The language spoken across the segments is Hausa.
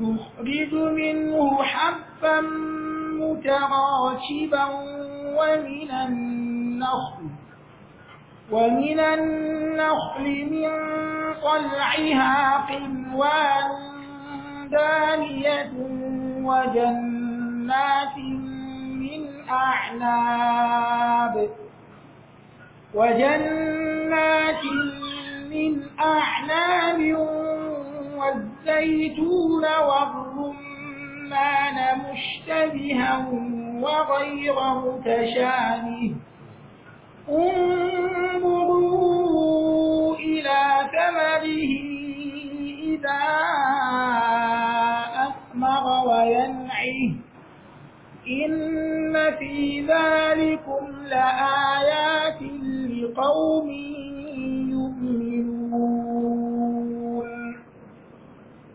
نخرج منه حبا متراكبا ومن النخل ومن النخل من طلعها قنوان دانية وجنات من أعناب وجنات من أعناب والزيتون والرمان مشتبها وغير متشابه انظروا إلى ثمره إذا أثمر وينعه إن في ذلكم لآيات لقوم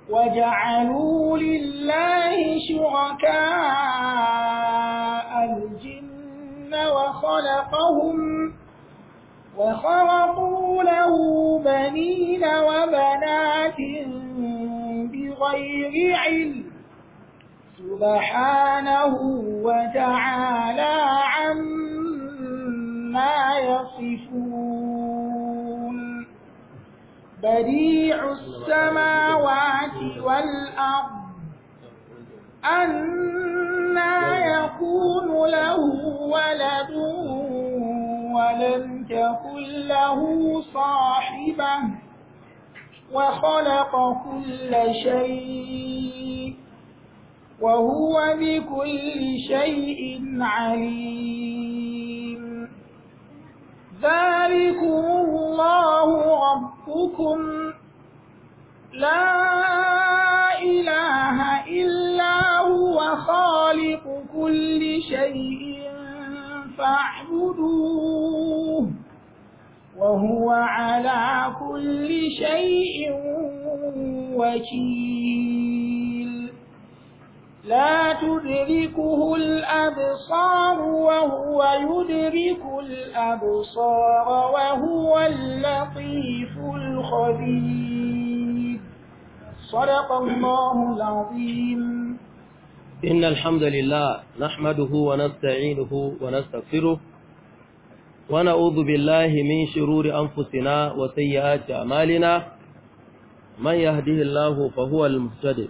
وجعلوا لله شركاء الجن وخلقهم وخرقوا له بنين وبنات بغير علم سبحانه وتعالى عما يصفون بديع السماوات والأرض أنا يكون له ولد ولم تكن له صاحبة وخلق كل شيء وهو بكل شيء عليم ذلكم الله ربكم لا إله إلا هو خالق كل شيء فاعبدوه وهو على كل شيء وكيل لا تدركه الأبصار وهو يدرك الأبصار وهو اللطيف الخبير صدق الله العظيم إن الحمد لله نحمده ونستعينه ونستغفره ونعوذ بالله من شرور أنفسنا وسيئات أعمالنا من يهده الله فهو المهتدي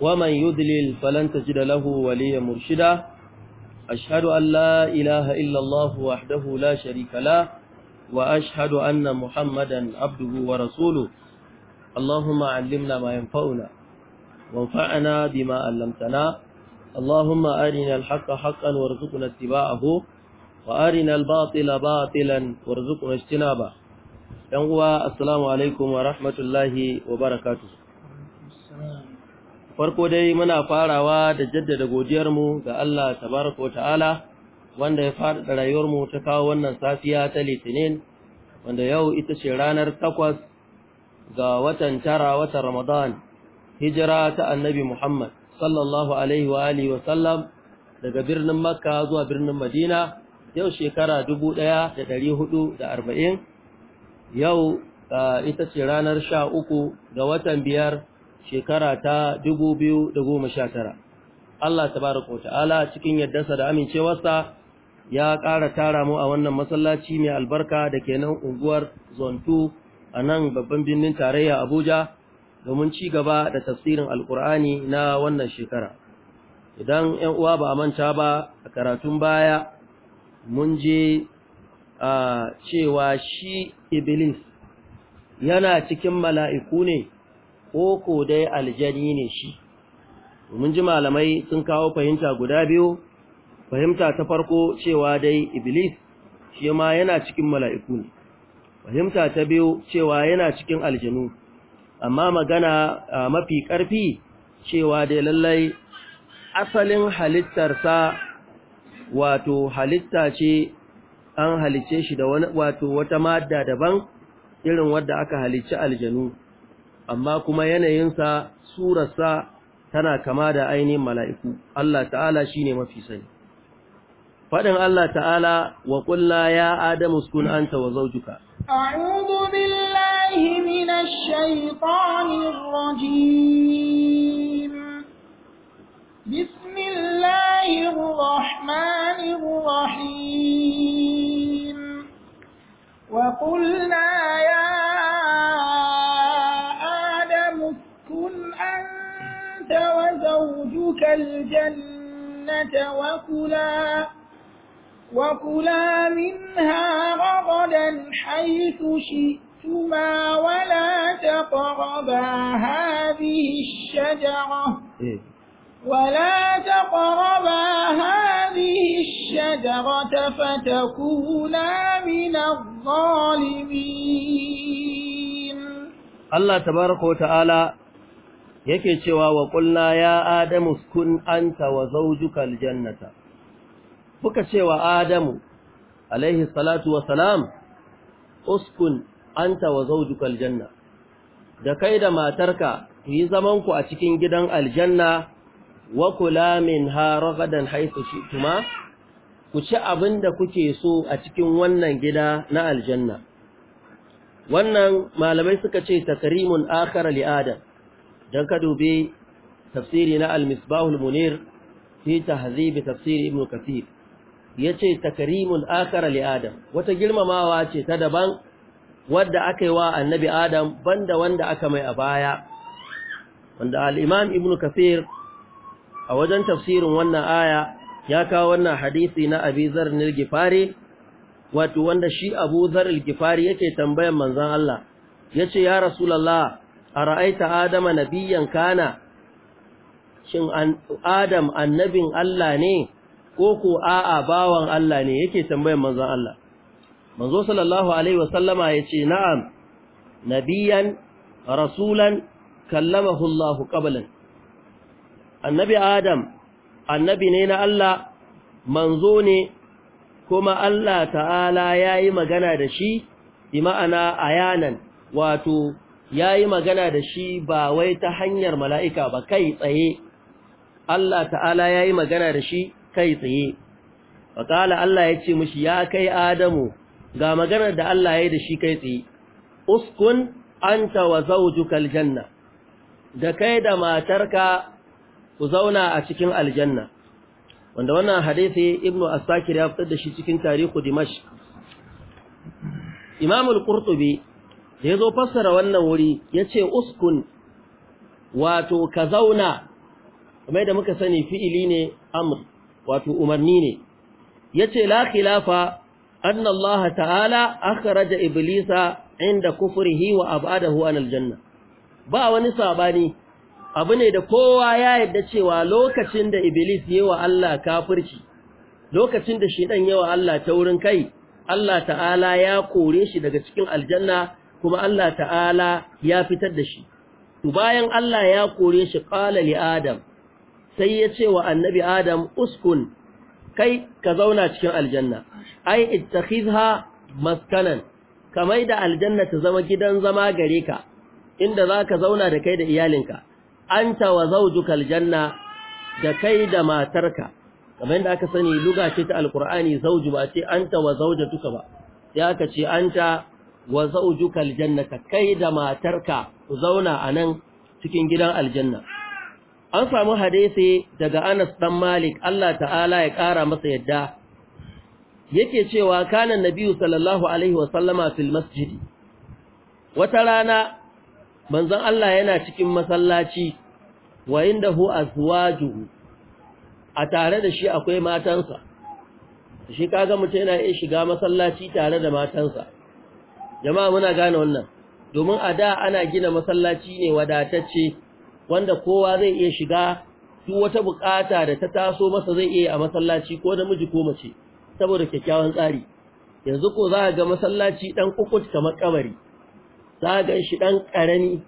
ومن يدلل فلن تجد له وليا مرشدا أشهد أن لا إله إلا الله وحده لا شريك له وأشهد أن محمدا عبده ورسوله اللهم علمنا ما ينفعنا وانفعنا بما علمتنا اللهم أرنا الحق حقا وارزقنا اتباعه وأرنا الباطل باطلا وارزقنا اجتنابه ينقوى السلام عليكم ورحمة الله وبركاته farko dai muna farawa da jaddada godiyarmu ga Allah tabaraka ta'ala wanda ya faɗaɗa rayuwarmu ta kawo wannan safiya ta litinin wanda yau ita ce ranar takwas ga watan tara watan ramadan hijira ta annabi muhammad sallallahu alaihi wa alihi wa sallam daga birnin makka zuwa birnin madina yau shekara dubu ɗaya da ɗari hudu da arba'in yau ah, ita ce ranar sha uku ga watan biyar shekara ta dubu biyu da goma 2019 Allah tabaraka wataala cikin yaddarsa da amincewarsa ya ƙara tara mu a wannan masallaci mai albarka da ke nan unguwar zontu a nan babban birnin tarayya Abuja domin ci gaba da tafsirin alkur'ani na wannan shekara idan 'yan uwa ba a manta ba a karatun baya mun je a cewa shi iblis yana cikin mala'iku ne ko ko dai aljani ne shi mun ji malamai sun kawo fahimta guda biyu fahimta ta farko cewa dai iblis shi ma yana cikin mala'iku ne fahimta ta biyu cewa yana cikin aljanu amma magana mafi ƙarfi cewa dai lallai asalin halittarsa wato halitta ce an halice shi da wato wata madda daban irin wadda aka halice aljanu amma kuma yanayinsa surarsa tana kama da ainihin mala'iku Allah ta'ala shine mafi sani Faɗin Allah ta'ala wa ya adamu an anta wa zawjuka a'udhu billahi minash shaitanir rajim bismillahir ربك الجنة وكلا وكلا منها رغدا حيث شئتما ولا تقربا هذه الشجرة إيه. ولا تقربا هذه الشجرة فتكونا من الظالمين الله تبارك وتعالى yake cewa wa ya Adamu kun anta wa jannata, aljannata. ce cewa Adamu, alaihi salatu wa salam, uskun anta wa zaujukal aljanna, da kai da matarka ku yi zamanku a cikin gidan aljanna wa kula min haragadan haisu shi kuma, ku ci abin da kuke so a cikin wannan gida na aljanna. Wannan malamai suka ce takarimun akara li Adam. dan ka dubi tafsiri na al-misbahul munir fi tahzib tafsiri, ibn kathir yace takrimul akhar li adam wata girmamawa ce ta daban wadda aka wa annabi adam banda wanda aka mai a baya wanda al-imam ibn kathir a wajen tafsirin wannan aya ya kawo wannan hadisi na abi zar gifari wato wanda shi abu zar gifari yake tambayan manzon Allah yace ya rasulullah a ra'aita Adama nabiyan kana, shin Adam annabin Allah ne, ko ko a'a bawan Allah ne yake tambayan manzon Allah. Manzo sallallahu Alaihi wasallama ya ce, Na'am, nabiyan, rasulan, kallamahu Allah ƙabalin. Annabi Adam, annabi ne na Allah, manzo ne, kuma Allah ta'ala ya yi magana da shi, bi ma'ana ayanan, wato, ya yi magana da shi ba wai ta hanyar mala'ika ba kai tsaye, Allah ta'ala ya yi magana da shi kai tsaye, faƙala Allah ya ce mashi ya kai Adamu ga maganar da Allah ya yi da shi kai tsaye, uskun an ta wa zaujuka aljanna, da kai da matarka ku zauna a cikin aljanna, wanda wannan hadisi Ibn Asakir ya fitar da shi cikin tarihu Dimash. Imamul Qurtubi da ya zo fassara wannan wuri ya ce uskun wato ka zauna kamar da muka sani fi'ili ne amr wato umarni ne ya ce la khilafa an Allah ta'ala akhraja iblisa inda kufrihi wa ab'adahu an aljanna ba wani sabani abu ne da kowa ya yadda cewa lokacin da iblis wa Allah kafirci lokacin da shi shedan yawa Allah taurin kai Allah ta'ala ya kore shi daga cikin aljanna kuma Allah ta'ala ya fitar da shi bayan Allah ya kore shi ƙala li adam sai ya ce wa annabi adam uskun kai ka zauna cikin aljanna ai ittakhidha maskanan kamar da aljanna ta zama gidan zama gare ka inda zaka zauna da kai da iyalinka anta wa zawjuka aljanna da kai da matarka kamar da aka sani lugace ta alqur'ani zawju ba ce anta wa zawjatuka ba sai aka ce anta wa zaujuka aljannata kai da matarka ku zauna anan cikin gidan aljanna an samu hadisi daga Anas dan Malik Allah ta'ala ya kara masa yadda yake cewa kana nabiyyu sallallahu alaihi wa sallama fil masjid wata rana manzon Allah yana cikin masallaci wa indahu azwajuhu a tare da shi akwai matansa shi kaga mutum yana iya shiga masallaci tare da matansa jama'a muna gane wannan domin a da ana gina masallaci ne wadatacce wanda kowa zai iya shiga duk wata bukata da ta taso masa zai iya a masallaci ko namiji ko mace saboda kyakkyawan tsari yanzu ko za ga masallaci dan kukut kamar kabari za ga shi dan karami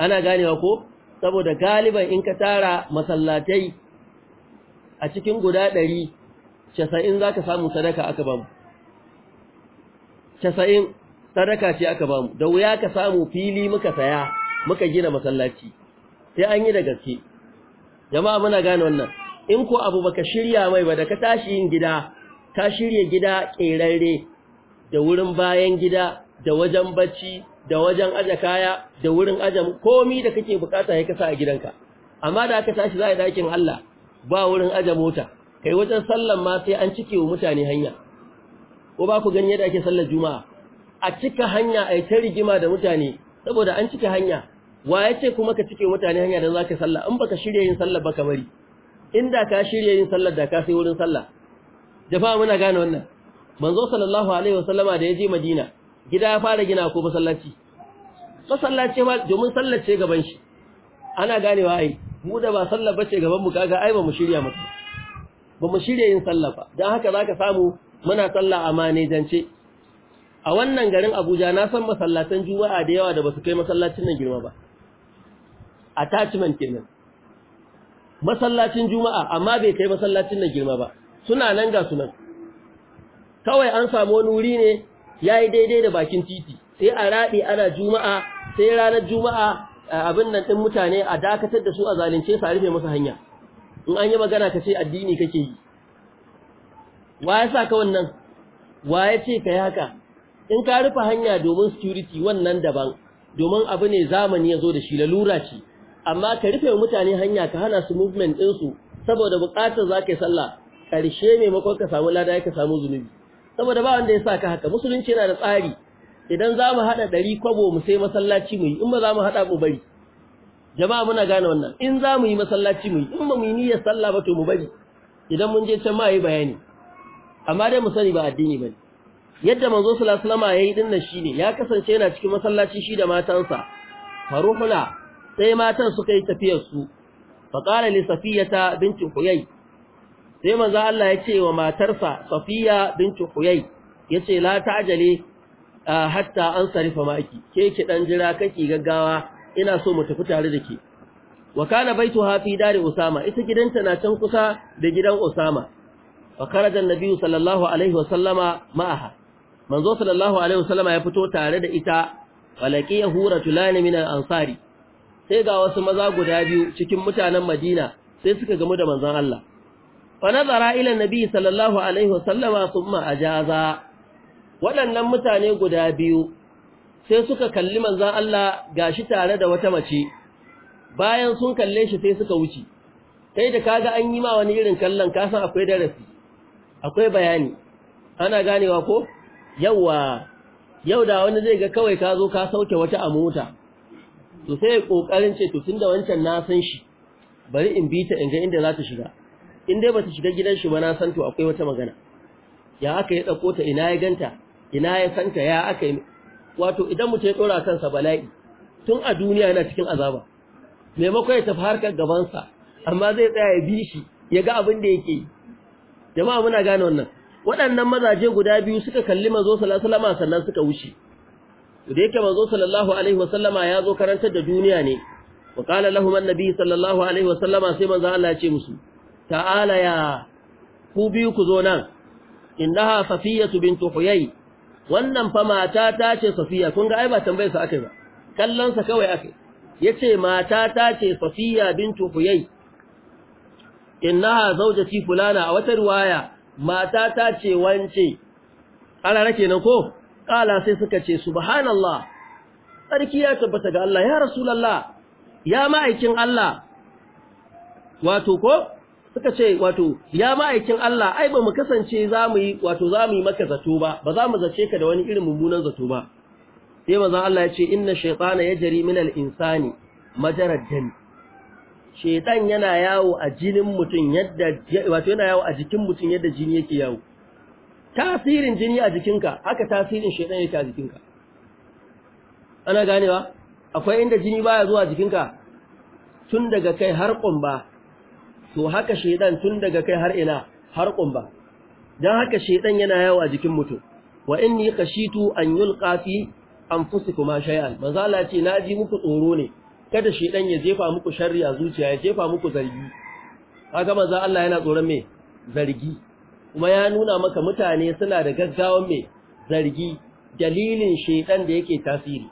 ana ganewa ko saboda galiban in ka tara masallatai a cikin guda 100 90 zaka samu sadaka aka bamu 90 sadaka ce aka bamu da wuya ka samu fili muka saya muka gina masallaci sai an yi da gaske jama'a muna gane wannan in ko abu baka shirya mai ba da ka tashi yin gida ka shirya gida kerare da wurin bayan gida da wajen bacci da wajen aje kaya da wurin aje komi da kake bukata ya kasa a gidanka amma da aka tashi za a dakin Allah ba wurin aje mota kai wajen sallan ma sai an cike wa mutane hanya ko ba ku gani yadda ake sallar juma'a a cika hanya a ta rigima da mutane saboda an cika hanya wa ya ce kuma ka cike mutane hanya da za ka sallah in baka shirya yin sallar baka bari inda ka shirya yin sallar da ka sai wurin sallah jafa muna gane wannan manzo sallallahu alaihi wasallama da ya je madina gida ya fara gina ko masallaci masallaci ma domin sallar ce gaban shi ana ganewa ai mu da ba sallar bace gaban mu kaga ai ba mu shirya mu ba mu shirya yin sallah ba dan haka zaka samu muna sallah a manejance a wannan garin Abuja na san masallatan Juma'a da yawa da basu kai masallacin nan girma ba attachment kenan masallacin Juma'a amma bai kai masallacin nan girma ba suna nan ga sunan kawai an samu wani wuri ne yayi daidai da bakin titi sai a raɗe ana Juma'a sai ranar Juma'a abin nan din mutane a dakatar da su a zalunce su a rufe musu hanya in an yi magana ka ce addini kake yi wa ya sa ka wannan wa ya ce ka yi haka in ka rufe hanya domin security wannan daban domin abu ne zamani ya zo da shi lalura ce amma ka rufe mutane hanya ka hana su movement ɗinsu saboda buƙatar za ka yi sallah ƙarshe maimakon ka samu lada ka samu zunubi saboda ba wanda ya sa ka haka musulunci yana da tsari idan za mu haɗa ɗari kwabo mu sai masallaci mu yi in ba za mu haɗa mu bari jama'a muna gane wannan in za mu yi masallaci mu yi in ba mu yi niyyar sallah ba to mu bari idan mun je can ma yi bayani amma dai mu sani ba addini ba ne yadda manzo sallallahu alaihi wasallam yayi dinnan shine ya kasance yana cikin masallaci shi da matansa faruhuna sai matan suka yi tafiyar su fa qala li safiyata binti huyay sai manzo Allah ya ce wa matarsa safiya binti huyay yace la ajale hatta an sarifa maki ke ki dan jira kake gaggawa ina so mu tafi tare da ke wa kana baituha fi dari usama ita gidanta na can kusa da gidan usama fa kharaja an-nabi sallallahu alaihi wa sallama ma'aha manzo sallallahu alaihi wasallama ya fito tare da ita falaki yahura tulani min al-ansari sai ga wasu maza guda biyu cikin mutanen Madina sai suka gamu da manzon Allah fa nazara ila nabi sallallahu alaihi wasallama thumma ajaza waɗannan mutane guda biyu sai suka kalli manzon Allah gashi tare da wata mace bayan sun kalle shi sai suka wuce kai da kaga an yi ma wani irin kallon kasan akwai darasi akwai bayani ana ganewa ko yawa yau da wani zai ga kawai ka zo ka sauke wata a mota to sai kokarin ce to tunda wancan na san shi bari in bi ta in ga inda za ta shiga in dai bata shiga gidan shi ba na san to akwai wata magana ya aka ya dauko ta ina ya ganta ina ya santa ya aka wato idan mutum ya tsora kansa bala'i tun a duniya yana cikin azaba maimakon ya tafi harkar gabansa amma zai tsaya ya bi shi ya ga abin da yake jama'a muna gane wannan waɗannan mazaje guda biyu suka kalli manzo sallallahu alaihi wasallam sannan suka wuce da yake manzo sallallahu alaihi wasallama ya zo karantar da duniya ne wa qala lahum annabi sallallahu alaihi wasallama sai manzo Allah ya ce musu ta'ala ya ku biyu ku zo nan innaha safiyya bintu huyay wannan fa mata ta ce safiya kun ga ai ba tambayar sa akai ba kallon sa kawai akai yace mata ta ce safiya bintu huyay innaha zawjati fulana a wata riwaya mata ta ce wance ana nake nan ko kala sai suka ce subhanallah sarki ya tabbata ga Allah ya rasulullah ya ma'aikin Allah wato ko suka ce wato ya ma'aikin Allah ai ba mu kasance mu yi wato mu yi maka zato ba ba za mu zace ka da wani irin mummunan zato ba sai manzon Allah ya ce inna shaytana yajri minal insani majarad dami shedan yana yawo a jinin mutum yadda wato yana yawo a jikin mutum yadda jini yake yawo tasirin jini a jikinka haka tasirin shedan yake a jikinka ana ganewa akwai inda jini baya zuwa jikinka tun daga kai har kumba to haka shedan tun daga kai har ina har kumba dan haka shedan yana yawo a jikin mutum wa inni khashitu an yulqa fi anfusikuma shay'an manzo ce naji muku tsoro ne kada shi dan ya jefa muku sharri a zuciya ya jefa muku zargi kaga manzo Allah yana tsoron me zargi kuma ya nuna maka mutane suna da gaggawan me zargi dalilin shedan da yake tasiri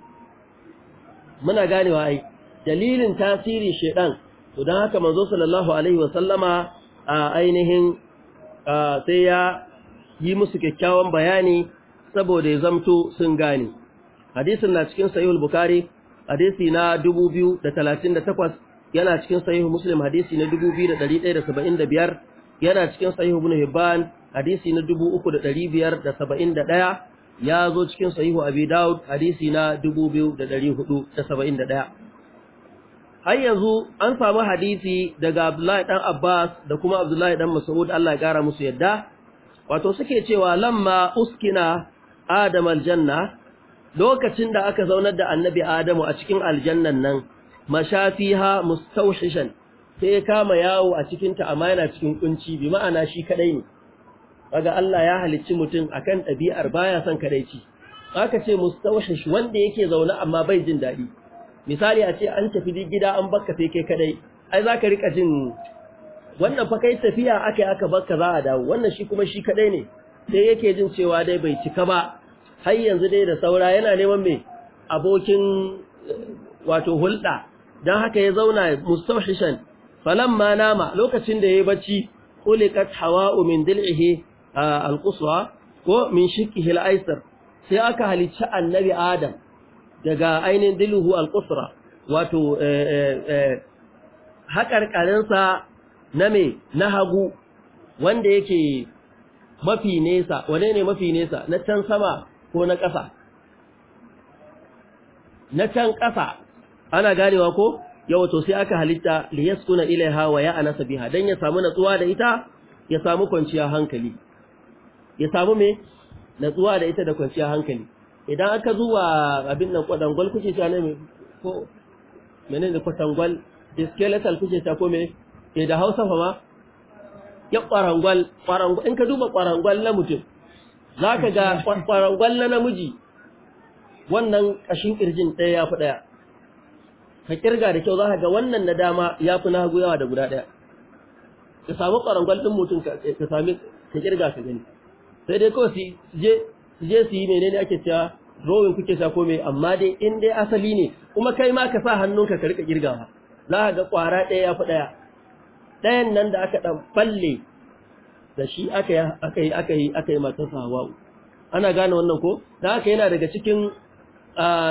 muna ganewa ai dalilin tasiri shedan to dan haka manzo sallallahu alaihi wa sallama a ainihin sai ya yi musu kyakkyawan bayani saboda ya zamto sun gane hadisin na cikin sahihul bukhari hadisi na 2038 yana cikin sahihu muslim hadisi na 2175 yana cikin sahihu ibn hibban hadisi na 3571 ya zo cikin sahihu abi daud hadisi na 2471 har yanzu an samu hadisi daga abdullahi dan abbas da kuma abdullahi dan mas'ud Allah ya kara musu yadda wato suke cewa lamma uskina adam aljanna lokacin da aka zaunar da annabi Adamu a cikin aljannan nan mashafiha mustawhishan sai ya kama yawo a cikinta ta amma yana cikin kunci bi ma'ana shi kadai ne kaga Allah ya halicci mutum akan ɗabi'ar baya son kadaici aka ce mustawhish wanda yake zaune amma bai jin daɗi misali a ce an tafi gida an bakka sai kai kadai ai zaka rika jin wannan fa kai tafiya akai aka bakka za a dawo wannan shi kuma shi kaɗai ne sai yake jin cewa dai bai cika ba har yanzu dai da saura yana neman mai abokin wato hulɗa don haka ya zauna falon ma nama lokacin da ya yi bacci hawa hawa dil'ihe a alƙusuwa ko min shikkihi hil'aisar, sai aka halicci annabi adam daga ainihin diluhu alƙusura wato eh, eh, eh, haƙarƙarinsa na me na hagu wanda yake mafi nesa wane ne mafi nesa na can sama ko na ƙasa na can ƙasa ana ganewa ko yau to sai aka halitta ilai yaskuna ya wa ya'nasa biha don ya samu natsuwa da ita ya samu kwanciya hankali ya samu me natsuwa da ita da kwanciya hankali idan aka zuwa abin nan kwadangwal kuce ta ne ko menene kwadangwal skeletal kuce ta ko me ke eh, da Hausa fama ya kwarangwal in ka duba kwarangwal na mutum za ka ga ƙwararwan na namiji wannan ƙashin ƙirjin ɗaya ya fi ɗaya ka ƙirga da kyau za ka ga wannan na dama ya fi nagu yawa da guda ɗaya ka samu ƙwararwan ɗin mutum ka sami ka ƙirga ka gani sai dai kawai su je su yi menene ake cewa rowin kuke sa kome amma dai in dai asali ne kuma kai ma ka sa hannunka ka rika ƙirgawa za ka ga ƙwara ɗaya ya fi ɗaya ɗayan nan da aka ɗan falle da shi aka yi aka yi aka yi ana gane wannan ko da aka yana daga cikin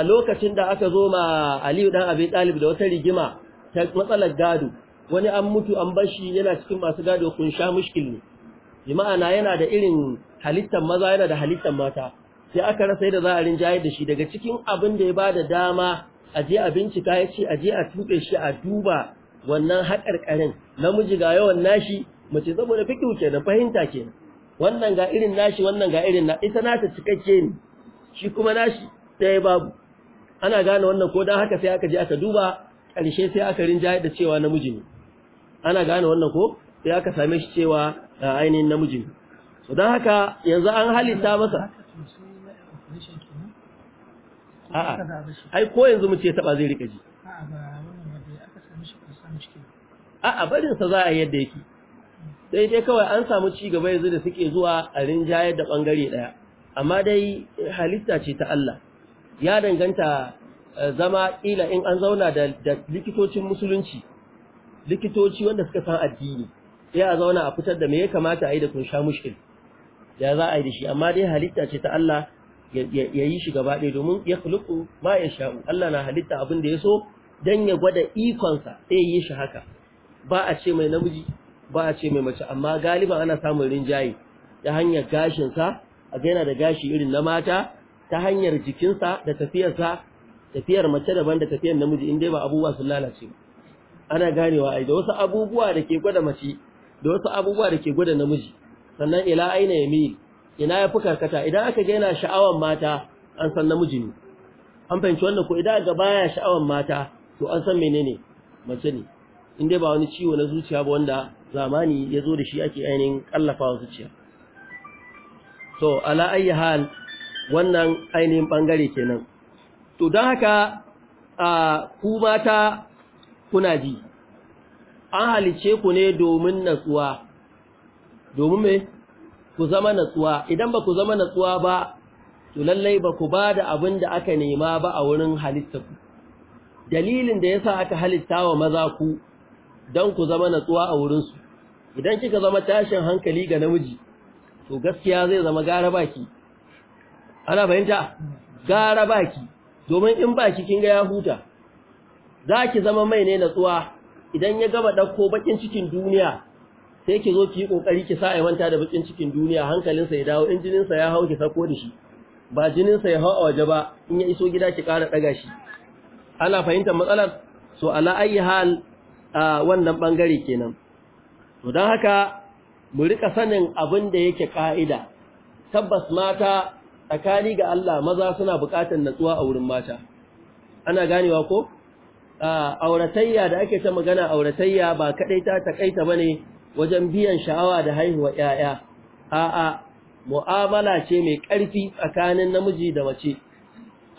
lokacin da aka zo ma aliyu dan abin ɗalib da wata rigima ta matsalar gado wani an mutu an bashi yana cikin masu gado kun sha mushkil ne bi ma'ana yana da irin halittar maza yana da halittar mata sai aka rasa yadda za a rinjaye da shi daga cikin abin da ya ba da dama a je a bincika ya ce a je a tuɓe shi a duba wannan haƙarƙarin namiji ga yawan nashi Mace saboda saboda wuce da fahimta ke, wannan ga irin nashi wannan ga irin na ita nata cikakke ne shi kuma nashi ɗaya babu ana gane wannan ko dan haka sai aka je aka duba ƙarshe sai aka rinja da cewa namiji ne ana gane wannan ko sai aka same shi cewa ainihin namiji ne so dan haka yanzu an halitta masa a'a ai ko yanzu mu ce taba zai rika ji a'a barin sa za a yi yadda yake sai dai kawai an samu ci gaba yanzu da suke zuwa a rinjayar da bangare daya amma dai halitta ce ta Allah ya danganta eh, zama ila in an zauna da, likitocin musulunci likitoci wanda suka san addini sai a zauna a fitar da me ya kamata a yi da kun sha mushkil ya za a yi da shi amma dai halitta ce ta Allah ya yi shi gaba ɗaya domin ya khuluqu ma ya sha'u Allah na halitta abin da ya so dan ya gwada ikonsa sai ya yi shi haka ba a ce mai namiji ba a ce mai mace amma galiban ana samun rinjaye ta hanyar gashinsa a gaina da gashi irin na mata ta hanyar jikinsa da tafiyarsa tafiyar mace daban da tafiyar namiji in dai ba abubuwa sun lalace ba ana ganewa ai da wasu abubuwa da ke gwada mace da wasu abubuwa da ke gwada namiji sannan ila aina yamil ina ya fi karkata idan aka gaina sha'awan mata an san namiji ne an fahimci wannan ko idan aka baya sha'awan mata to an san menene mace ne in dai ba wani ciwo na zuciya ba wanda zamani ya zo da shi ake ainihin kallafa wasu ciyar. to ala ayyi hal wannan ainihin bangare kenan to don haka a ku mata kuna ji an halice ku ne domin natsuwa domin me ku zama natsuwa idan ba ku zama natsuwa ba to lallai ba ku ba da abin da aka nema ba a wurin halitta ku dalilin da ya sa aka halitta wa maza ku don ku zama natsuwa a wurinsu idan kika zama tashin hankali ga namiji to gaskiya zai zama gara baki ana bayanta gara baki domin in baki kin ga ya huta za ki zama mai ne natsuwa idan ya gama ɗauko bakin cikin duniya sai ki zo ki yi ƙoƙari ki sa a manta da bakin cikin duniya hankalinsa ya dawo in jininsa ya hau ki sako da shi ba jininsa ya hau a waje ba in ya iso gida ki kara ɗaga shi ana fahimtar matsalar so ala ayyi hal a wannan bangare kenan to don haka mu rika sanin abin da yake ƙa'ida, tabbas mata tsakani ga Allah maza suna buƙatar natsuwa a wurin mata ana ganewa ko auratayya da ake ta magana auratayya ba kaɗai ta taƙaita ba ne wajen biyan sha'awa da haihuwa Yaya, a'a mu'amala ce mai ƙarfi tsakanin namiji da mace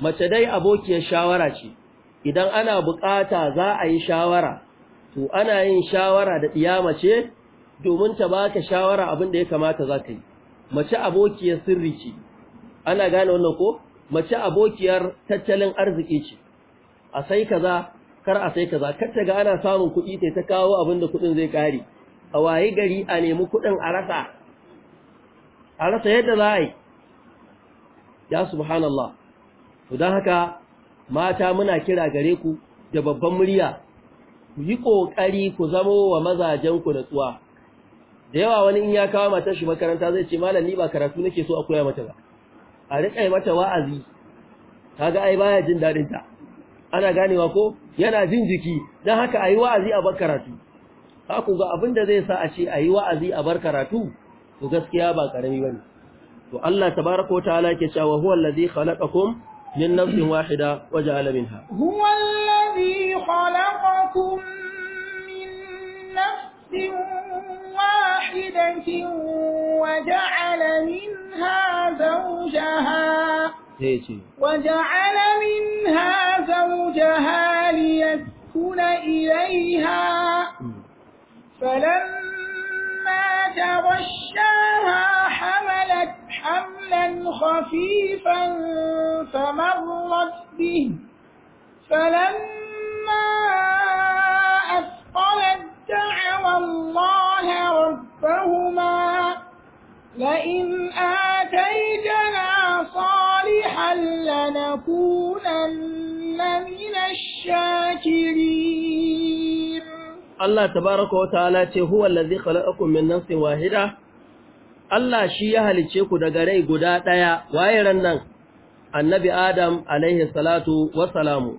mace dai abokiyar shawara ce idan ana bukata za a yi shawara to ana yin shawara da ɗiya mace domin ta baka shawara abin da ya kamata za ka yi mace abokiyar sirri ce ana gane wannan ko mace abokiyar tattalin arziki ce a sai kaza kar a sai kaza kar ta ga ana samun kuɗi ta kawo abin da kuɗin zai ƙare a waye gari a nemi kuɗin a rasa a rasa yadda za a yi ya subhanallah to don haka mata muna kira gare ku da babban murya ku yi ƙoƙari ku zamo wa mazajen ku tsuwa da yawa wani in ya kawo matar shi makaranta zai ce malam ni ba karatu nake so a koya mata ba a riƙa mata wa'azi kaga ai baya jin daɗinta. ta ana ganewa ko yana jin jiki don haka a yi wa'azi a bar karatu haku ga abin da zai sa a ce a yi wa'azi a bar karatu to gaskiya ba ƙarami ba ne to Allah tabaraka wa ta'ala ke cewa huwa allazi khalaqakum من نفس واحدة وجعل منها هو الذي خلقكم من نفس واحدة وجعل منها زوجها إيه وجعل منها زوجها ليسكن إليها فلما تغشاها حملت حملا خفيفا فمرت به فلما أثقلت دعوا الله ربهما لئن آتيتنا صالحا لنكونن من الشاكرين الله تبارك وتعالى هو الذي خلقكم من نفس واحدة Allah shi ya halice ku daga rai guda ɗaya waye nan annabi Adam alaihi salatu wassalamu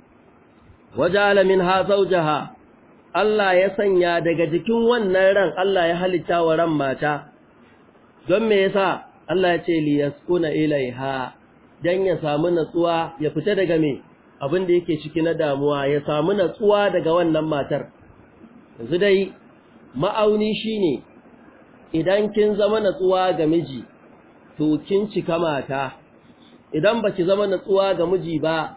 waja'ala ha zawjaha Allah ya sanya daga jikin wannan ran Allah ya halitta wa ran mata don me yasa Allah ya ce liyaskuna ilaiha dan ya samu natsuwa ya fita daga me abin da yake ciki na damuwa ya samu natsuwa daga wannan matar yanzu dai ma'auni shine idan kin zama natsuwa ga miji to kin cika mata idan ba ki zama natsuwa ga miji ba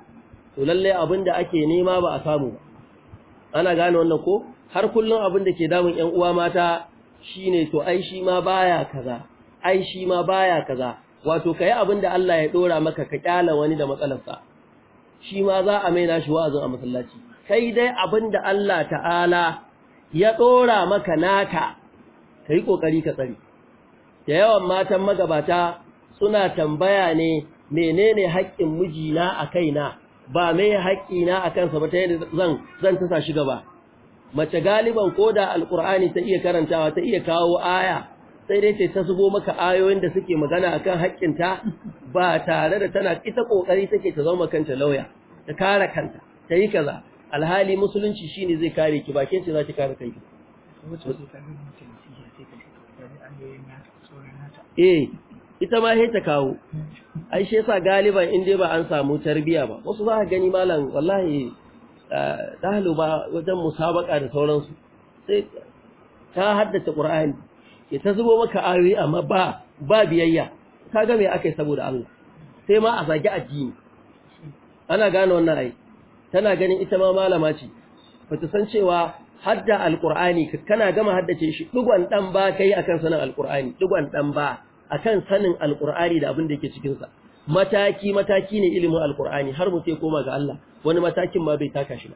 to lalle abin da ake nema ba a samu ba ana gane wannan ko har kullum abin da ke damun ƴan uwa mata shine to ai shi ma baya kaza ai shi ma baya kaza wato kai abin da Allah ya dora maka ka kyala wani da matsalarsa shi ma za a maina shi wa'azin a masallaci kai dai abin da Allah ta'ala ya ɗora maka naka ka yi ƙoƙari ka tsari da yawan matan magabata suna tambaya ne menene haƙƙin mijina a kaina ba mai haƙƙina a kansa ba ta yadda zan zan tasa shi gaba mace galiban koda Alƙur'ani ta iya karantawa ta iya kawo aya sai dai ta zubo maka ayoyin da suke magana akan haƙƙinta ba tare da tana ita ƙoƙari take ta zama kanta lauya ta kare kanta ta yi kaza alhali musulunci shine zai kare ki bakin ki za ki kare kanki eh ita ma sai kawo ai shi yasa galiban in dai ba an samu tarbiya ba wasu za ka gani malam wallahi dahlu ba wajen musabaka da sauransu sai ta haddace qur'ani ya ta zubo maka ayoyi amma ba ba biyayya ka ga me akai saboda Allah sai ma a zage addini ana gane wannan ai tana ganin ita ma malama ce Ba ta san cewa hadda alqur'ani kana gama haddace shi dugon dan ba kai akan sanan alqur'ani dugon dan ba akan sanin alqur'ani da abin da yake cikin sa mataki mataki ne ilimin alqur'ani har mu sai koma ga Allah wani matakin ma bai taka shi ba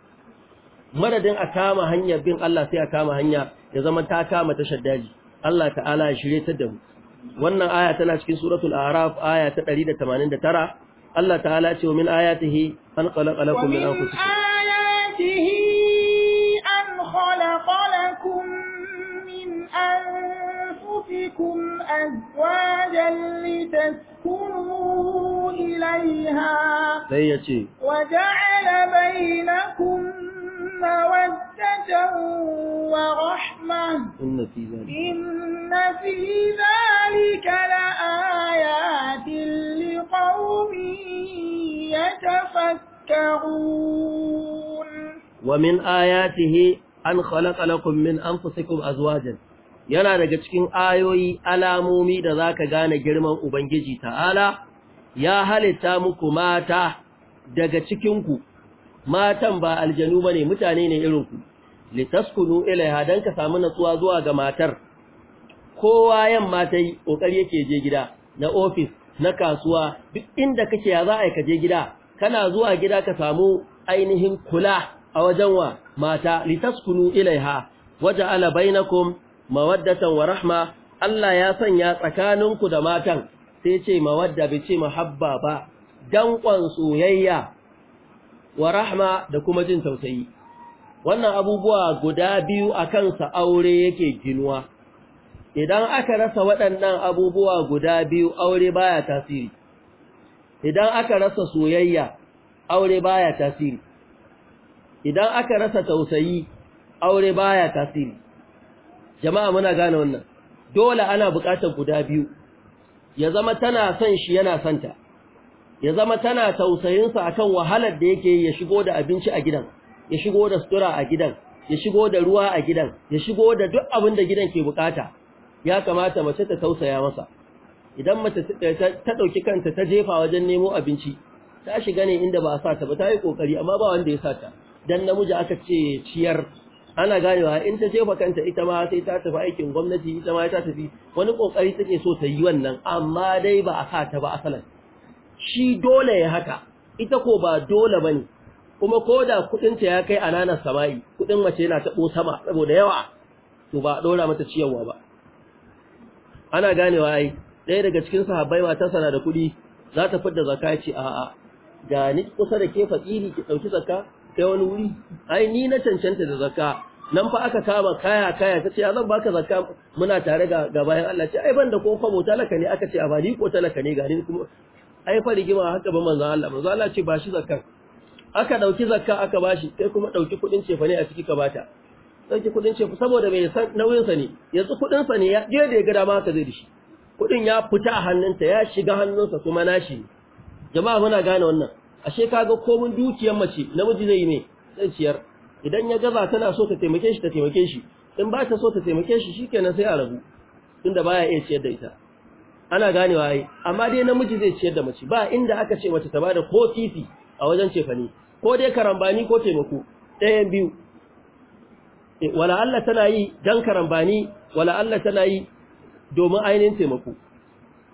madadin a kama hanyar bin Allah sai a kama hanya ya zama ta kama ta shaddaji Allah ta'ala ya shirye ta da mu wannan aya tana cikin suratul a'raf aya ta 189 Allah ta'ala ce wa min ayatihi an khalaqa min an lakum min anfusikum أنفسكم أزواجا لتسكنوا إليها وجعل بينكم مودة ورحمة إن في ذلك, إن في ذلك لآيات لقوم يتفكرون ومن آياته أن خلق لكم من أنفسكم أزواجا yana daga cikin ayoyi alamomi da za ka gane girman Ubangiji ta'ala, ya halitta muku mata daga cikinku, matan ba aljanu ba ne mutane ne irinku, litaskunu ilaiha don ka samu natsuwa zuwa ga matar, kowa yamma ta yi ƙoƙari yake je gida, na ofis, na kasuwa, duk inda kake ya za a ka je gida, kana zuwa gida ka samu ainihin kula a wajen wa mata, litaskunu ilaiha, waje na bainakum mawaddatan wa rahma Allah ya sanya tsakaninku da matan sai ce mawadda bai ce mahabba ba danƙon soyayya wa rahma da kuma jin tausayi wannan abubuwa guda biyu a kansa aure yake ginuwa idan aka rasa waɗannan abubuwa guda biyu aure baya tasiri idan aka rasa soyayya aure baya tasiri idan aka rasa tausayi aure baya tasiri jama'a muna gane wannan dole ana buƙatar guda biyu ya zama tana son shi yana santa ya zama tana tausayinsa akan wahalar da yake ya shigo da abinci a gidan ya shigo da sutura a gidan ya shigo da ruwa a gidan ya shigo da duk abin da gidan ke bukata ya kamata mace ta tausaya masa idan mace ta dauki kanta ta jefa wajen nemo abinci ta shiga ne inda ba a sa ta ba ta yi kokari amma ba wanda ya sa ta dan namiji aka ce ciyar ana ganewa in ta jefa kanta ita ma sai ta tafi aikin gwamnati ita ma ta tafi wani kokari take so ta yi wannan amma dai ba a sata ba asalan shi dole ya haka ita ko ba dole bane kuma koda kudin ta ya kai ananan sama'i kudin mace yana tabo sama saboda yawa to ba dora mata ciyarwa ba ana ganewa ai ɗaya daga cikin sahabbai mata na da kuɗi za ta fidda zakka ce a'a ga ni kusa da ke fakiri ki ɗauki zakka kai wani wuri ai ni na cancanta da zakka nan fa aka kama kaya kaya ta ce zan baka zakka muna tare ga ga bayan Allah ce ai banda ko kwabo talaka ne aka ce a bani ko talaka ne gani kuma ai fa rigima haka ba manzon Allah manzon Allah ce shi zakka aka dauki zakka aka bashi kai kuma dauki kudin cefa ne a ciki ka bata dauki kudin cefa saboda bai san nauyin sa ne yanzu kudin sa ne ya je da ya ga dama ka zai dishi kudin ya fita a hannunta ya shiga hannunsa kuma nashi jama'a muna gane wannan ashe ga komin dukiyar mace namiji zai yi ne zai ciyar idan ya gaza tana so ta taimake shi ta taimake shi in ba ta so ta taimake shi shikenan sai a rabu tunda baya iya ciyar da ita ana ganewa ai amma dai namiji zai ciyar da mace ba inda aka ce mace ta bada ko titi a wajen cefani ko dai karambani ko taimako ɗayan biyu e, wala Allah tana yi dan karambani wala Allah tana yi domin ainihin taimako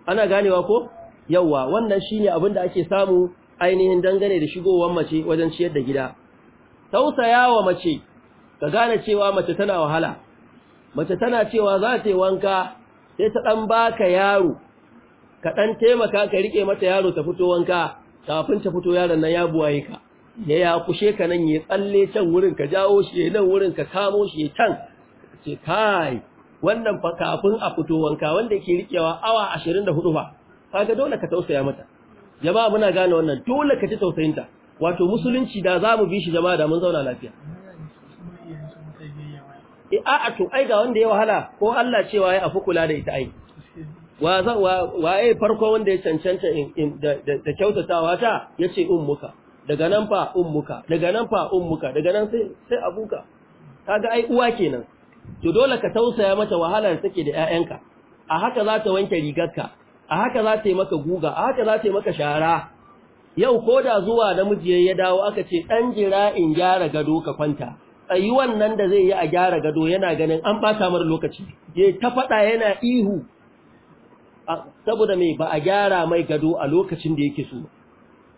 ana ganewa ko yauwa wannan shine abin da ake samu ainihin dangane da shigowar mace wajen ciyar da gida tausaya wa mace ka gane cewa mace tana wahala mace tana cewa za ta yi wanka sai ta dan baka yaro ka dan taimaka ka rike mata yaro ta fito wanka kafin ta fito yaron nan ya buwaye ka ya ya kushe ka nan ya tsalle can wurin ka jawo shi nan wurin ka kamo shi can ce kai wannan fa kafin a fito wanka wanda yake rikewa awa ashirin 24 fa kaga dole ka tausaya mata jama'a muna gane wannan dole ka ci tausayinta wato musulunci da za mu bi shi jama'a da mun zauna lafiya e eh, a to ai ga wanda ya wahala ko Allah cewa ya afi kula da ita ai wa za wa ai farko wanda ya cancanta da kyautatawa ta yace ummuka daga nan fa ummuka daga nan fa ummuka daga nan sai sai abuka kaga ai uwa kenan to dole ka tausaya mata wahalar take da ƴaƴanka a haka za ta wanke rigarka a haka za ta yi maka guga a haka za ta yi maka shara yau ko da zuwa namiji ya dawo aka ce ɗan jira in gyara gado ka kwanta tsayi wannan da zai yi a gyara gado yana ganin an ba samar lokaci ya ta faɗa yana ihu saboda mai ba a gyara mai gado a lokacin da yake so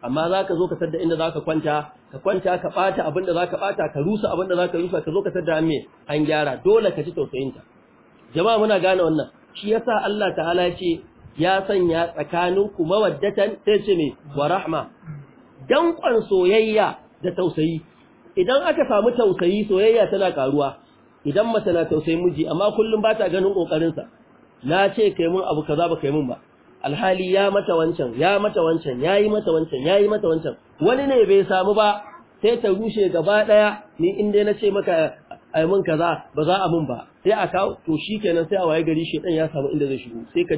amma za ka zo ka sadda inda za ka kwanta ka kwanta ka ɓata abin da za ka ɓata ka rusa abin da za ka rusa ka zo ka sadda mai an gyara dole ka ci tausayinta jama'a muna gane wannan shi yasa Allah ta'ala ce ya sanya tsakaninku mawaddatan sai ce ne wa rahma danƙon soyayya da tausayi idan aka samu tausayi soyayya tana karuwa idan mace na tausayin miji amma kullum ba ta ganin ƙoƙarinsa, na ce kai mun abu kaza ba kai mun ba alhali ya mata wancan ya mata wancan yayi mata wancan yayi mata wancan wani ne bai samu ba sai ta rushe gaba ɗaya ni in dai nace maka ai mun kaza ba za a mun ba sai a kawo to shikenan sai a waye gari shi shedan ya samu inda zai shigo sai ka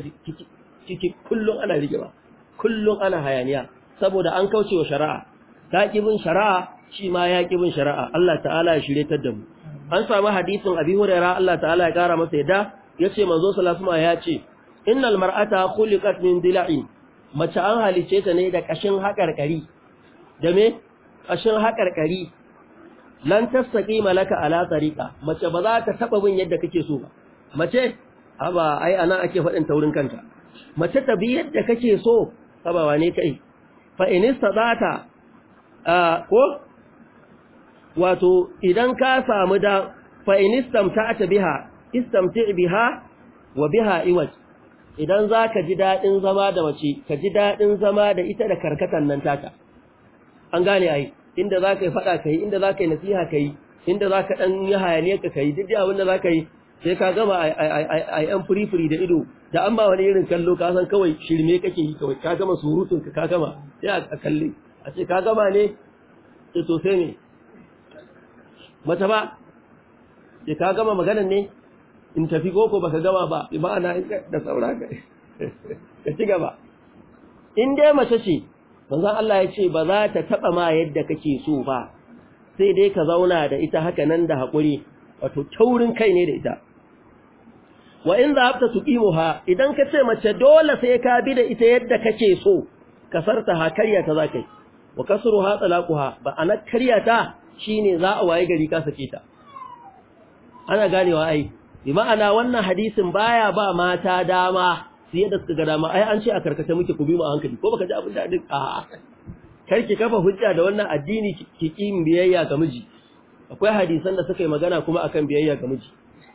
ciki kullum ana rigima kullum ana hayaniya saboda an kauce wa shari'a bin shari'a shi ma bin shari'a Allah ta'ala ya shirye da mu an samu hadisin Abi Hurairah Allah ta'ala ya kara masa yadda yace manzo sallallahu alaihi ya ce innal mar'ata khuliqat min dila'in mace an halice ta ne da kashin hakarkari da me kashin hakarkari lan tasaki malaka ala tariqa mace ba za ta taba bin yadda kake so ba mace aba ai ana ake fadin taurin kanta mace ta bi yadda kake so saba ne kai fa in a ko wato idan ka samu da fa in ta biha istamti' biha wa biha iwaj idan zaka ji dadin zama da mace ka ji dadin zama da ita da karkatan nan taka an gane ai inda zaka yi fada kai inda zaka yi nasiha kai inda zaka dan yi hayaniya ka kai duk abin da zaka yi sai ka gama a yan firifiri da ido da an ba wani irin kallo ka san kawai shirme kake yi kawai ka gama surutun ka ka gama sai a kalli a ce ka gama ne sai to sai ne mata ba ce ka gama maganan ne in tafi koko baka gama ba bi ma'ana da saura ka ka ci gaba in dai mace ce manzon Allah ya ce ba za ta taba ma yadda kake so ba sai dai ka zauna da ita haka nan da haƙuri wato taurin kai ne da ita wa in zahabta muha idan ka ce mace dole sai ka bi da ita yadda kake so kasarta ha karya ta zakai wa ha talaquha ba ana karya ta shine za a waye gari ka sake ta ana ganewa ai bi ma'ana wannan hadisin baya ba mata dama su yadda suka ga dama ai an ce a karkace muke ku bi mu hankali ko baka ji abin da duk a karki kafa hujja da wannan addini ki kin biyayya ga miji akwai hadisan da suka yi magana kuma akan biyayya ga miji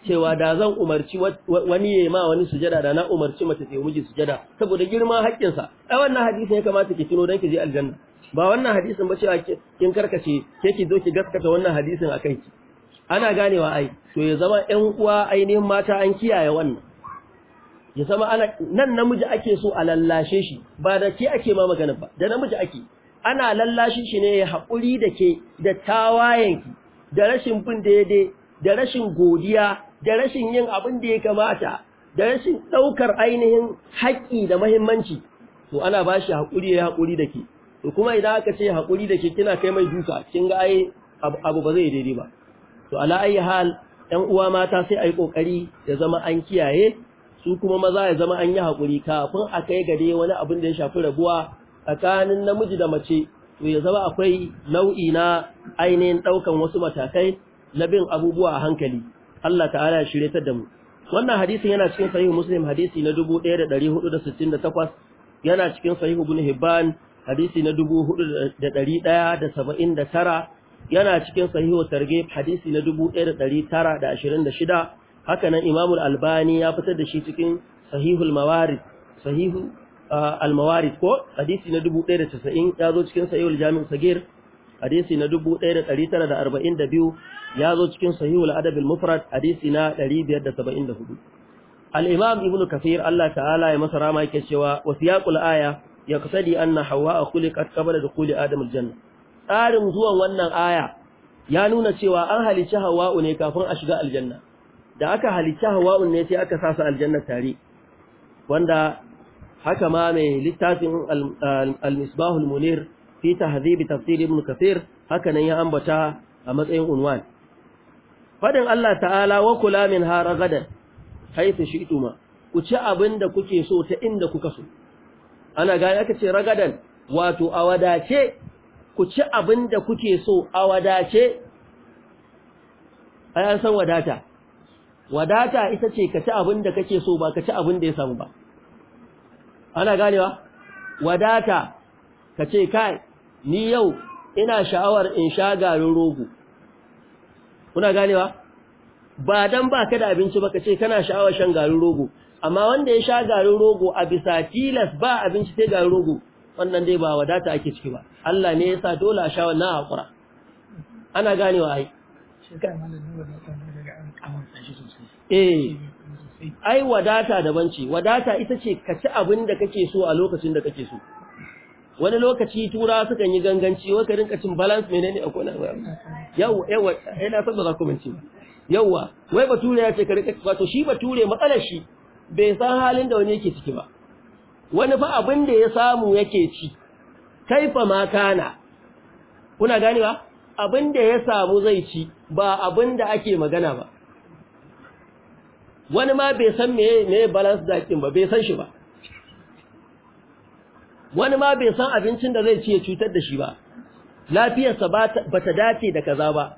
cewa da zan umarci wani ya ma wani sujada da na umarci mace ta yi miji sujada saboda girma haƙƙinsa ai wannan hadisi ya kamata ki tuno dan ki je aljanna ba wannan hadisin ba cewa kin karkace ke ki zo ki gaskata wannan hadisin a kanki ana ganewa ai to ya zama ɗan uwa ainihin mata an kiyaye wannan ya zama ana nan namiji ake so a lallashe shi ba da ke ake ma magana ba da namiji ake ana lallashe shi ne ya haƙuri da ke da tawayen ki, da rashin bin daidai da rashin godiya da rashin yin abin da ya kamata da rashin ɗaukar ainihin haƙƙi da mahimmanci to ana ba shi haƙuri ya haƙuri da ke to kuma idan aka ce haƙuri da ke kina kai mai duka kin ga ai abu ba zai daidai ba to ala ayi hal ɗan uwa mata sai yi kokari ya zama an kiyaye su kuma maza ya zama an yi haƙuri kafin a kai gare wani abin da ya shafi rabuwa tsakanin namiji da mace to ya zama akwai nau'i na ainihin ɗaukan wasu matakai na bin abubuwa a hankali Allah ta'ala ya shirye ta da mu wannan hadisin yana cikin sahihu muslim hadisi na 1468 yana cikin sahihu ibn hibban hadisi na 4179 yana cikin sahihu targhib hadisi na 1926 haka nan imam al-albani ya fitar da shi cikin sahihul mawarid sahihu ah, al-mawarid ko hadisi na 1090 ya zo cikin sahihul jami' sagir hadisi na 1942 ya zo cikin sahihul adab mufrad hadisi na 574 al-imam ibn kathir Allah ta'ala ya masa rama yake cewa wa siyaqul aya yaqtadi anna hawa khuliqat qabla dukhuli adam al-janna tsarin zuwan wannan aya ya nuna cewa an halicci hawa'u ne kafin a shiga aljanna da aka halicci hawa'u ne sai aka sasa aljanna tare wanda haka ma mai littafin al-misbahul munir fi tahzibi tafsir ibn kathir haka nan ya ambata a matsayin unwan fadin Allah ta'ala wa kula min haragadan haythu shi'tuma ku ci abinda kuke so ta inda kuka so ana ga aka ce ragadan wato a wadace ku ci abinda kuke so a wadace ai an san wadata wadata ita ce ka ci abinda kake so ba ka ci abinda ya samu ba ana ganewa wadata ka ce kai ni yau ina sha'awar in sha garin rogo kuna ganewa ba dan baka da abinci ba ce kana sha'awar shan garin rogo amma wanda ya sha garin rogo a bisa tilas ba abinci sai garin rogo wannan dai ba wadata ake ciki ba Allah ne ya sa dole a sha wannan hakura ana ganewa ai eh ai wadata daban ce wadata ita ce ka ci abin da kake so a lokacin da kake so wani lokaci turawa sukan yi ganganci wata ka balance cin balance a kona ba yawa ya na za ku ba ya ce ka rinka wato shi bature matsalar shi bai san halin da wani yake ciki ba wani fa abin da ya samu yake ci kaifa ma kana kuna gani ba abin da ya samu zai ci ba abin da ake magana ba wani ma bai san me me balance da ba bai san shi ba wani ma bai san abincin da zai ci ya cutar da shi ba lafiyarsa ba ta dace da kaza ba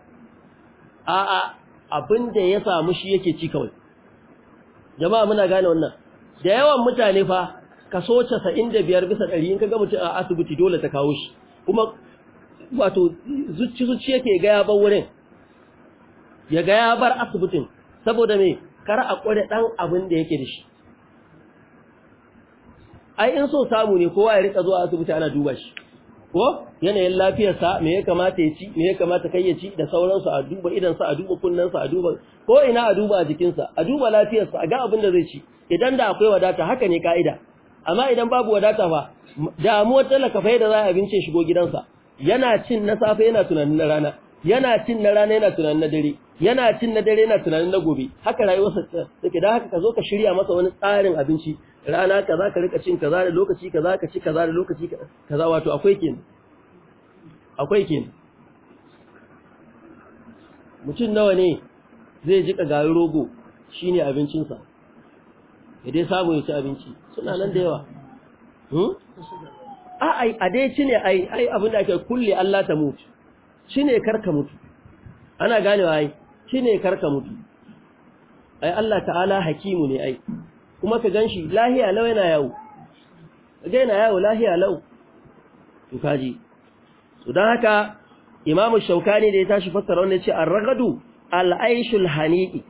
'a abin da ya samu shi yake ci kawai jama'a muna gane wannan da yawan mutane fa kaso biyar bisa 100 in ga mutum a asibiti dole ta kawo shi kuma wato zuci zuci yake ga ya bar wurin ya ga ya bar asibitin saboda me kar a kware dan abin da yake da shi ai in so samu ne kowa ya rika zuwa asibiti ana duba shi ko yanayin lafiyarsa me ya kamata ya ci me ya kamata kai ya ci da sauransu a duba sa a duba kunnensa a duba ko ina a duba jikinsa a duba lafiyarsa a ga abin da zai ci idan da akwai wadata haka ne ka'ida amma idan babu wadata fa damuwar talaka fa da za a abinci shigo gidansa yana cin na safe yana tunanin na rana yana cin na rana yana tunanin na dare yana cin na dare yana tunanin na gobe haka rayuwarsa take da haka ka zo ka shirya masa wani tsarin abinci rana kaza ka rika cin kaza da lokaci kaza ka ci kaza da lokaci kaza wato akwai kin akwai kin mutum nawa ne zai jika garin rogo shine abincinsa ya dai sabo ya ci abinci suna nan da yawa hmm? a a dai ci ne ai abin da ake kulle Allah ta mutu Shi ne karka mutu ana ganewa ai ne karka mutu ai Allah ta'ala hakimu ne ai kuma ka ganshi lahiya lau yana yawo ga yana yawo lahiya lau to kaji to dan haka Imam Shaukani da ya tashi fassara wannan ce ar-ragadu al-aishul hani'i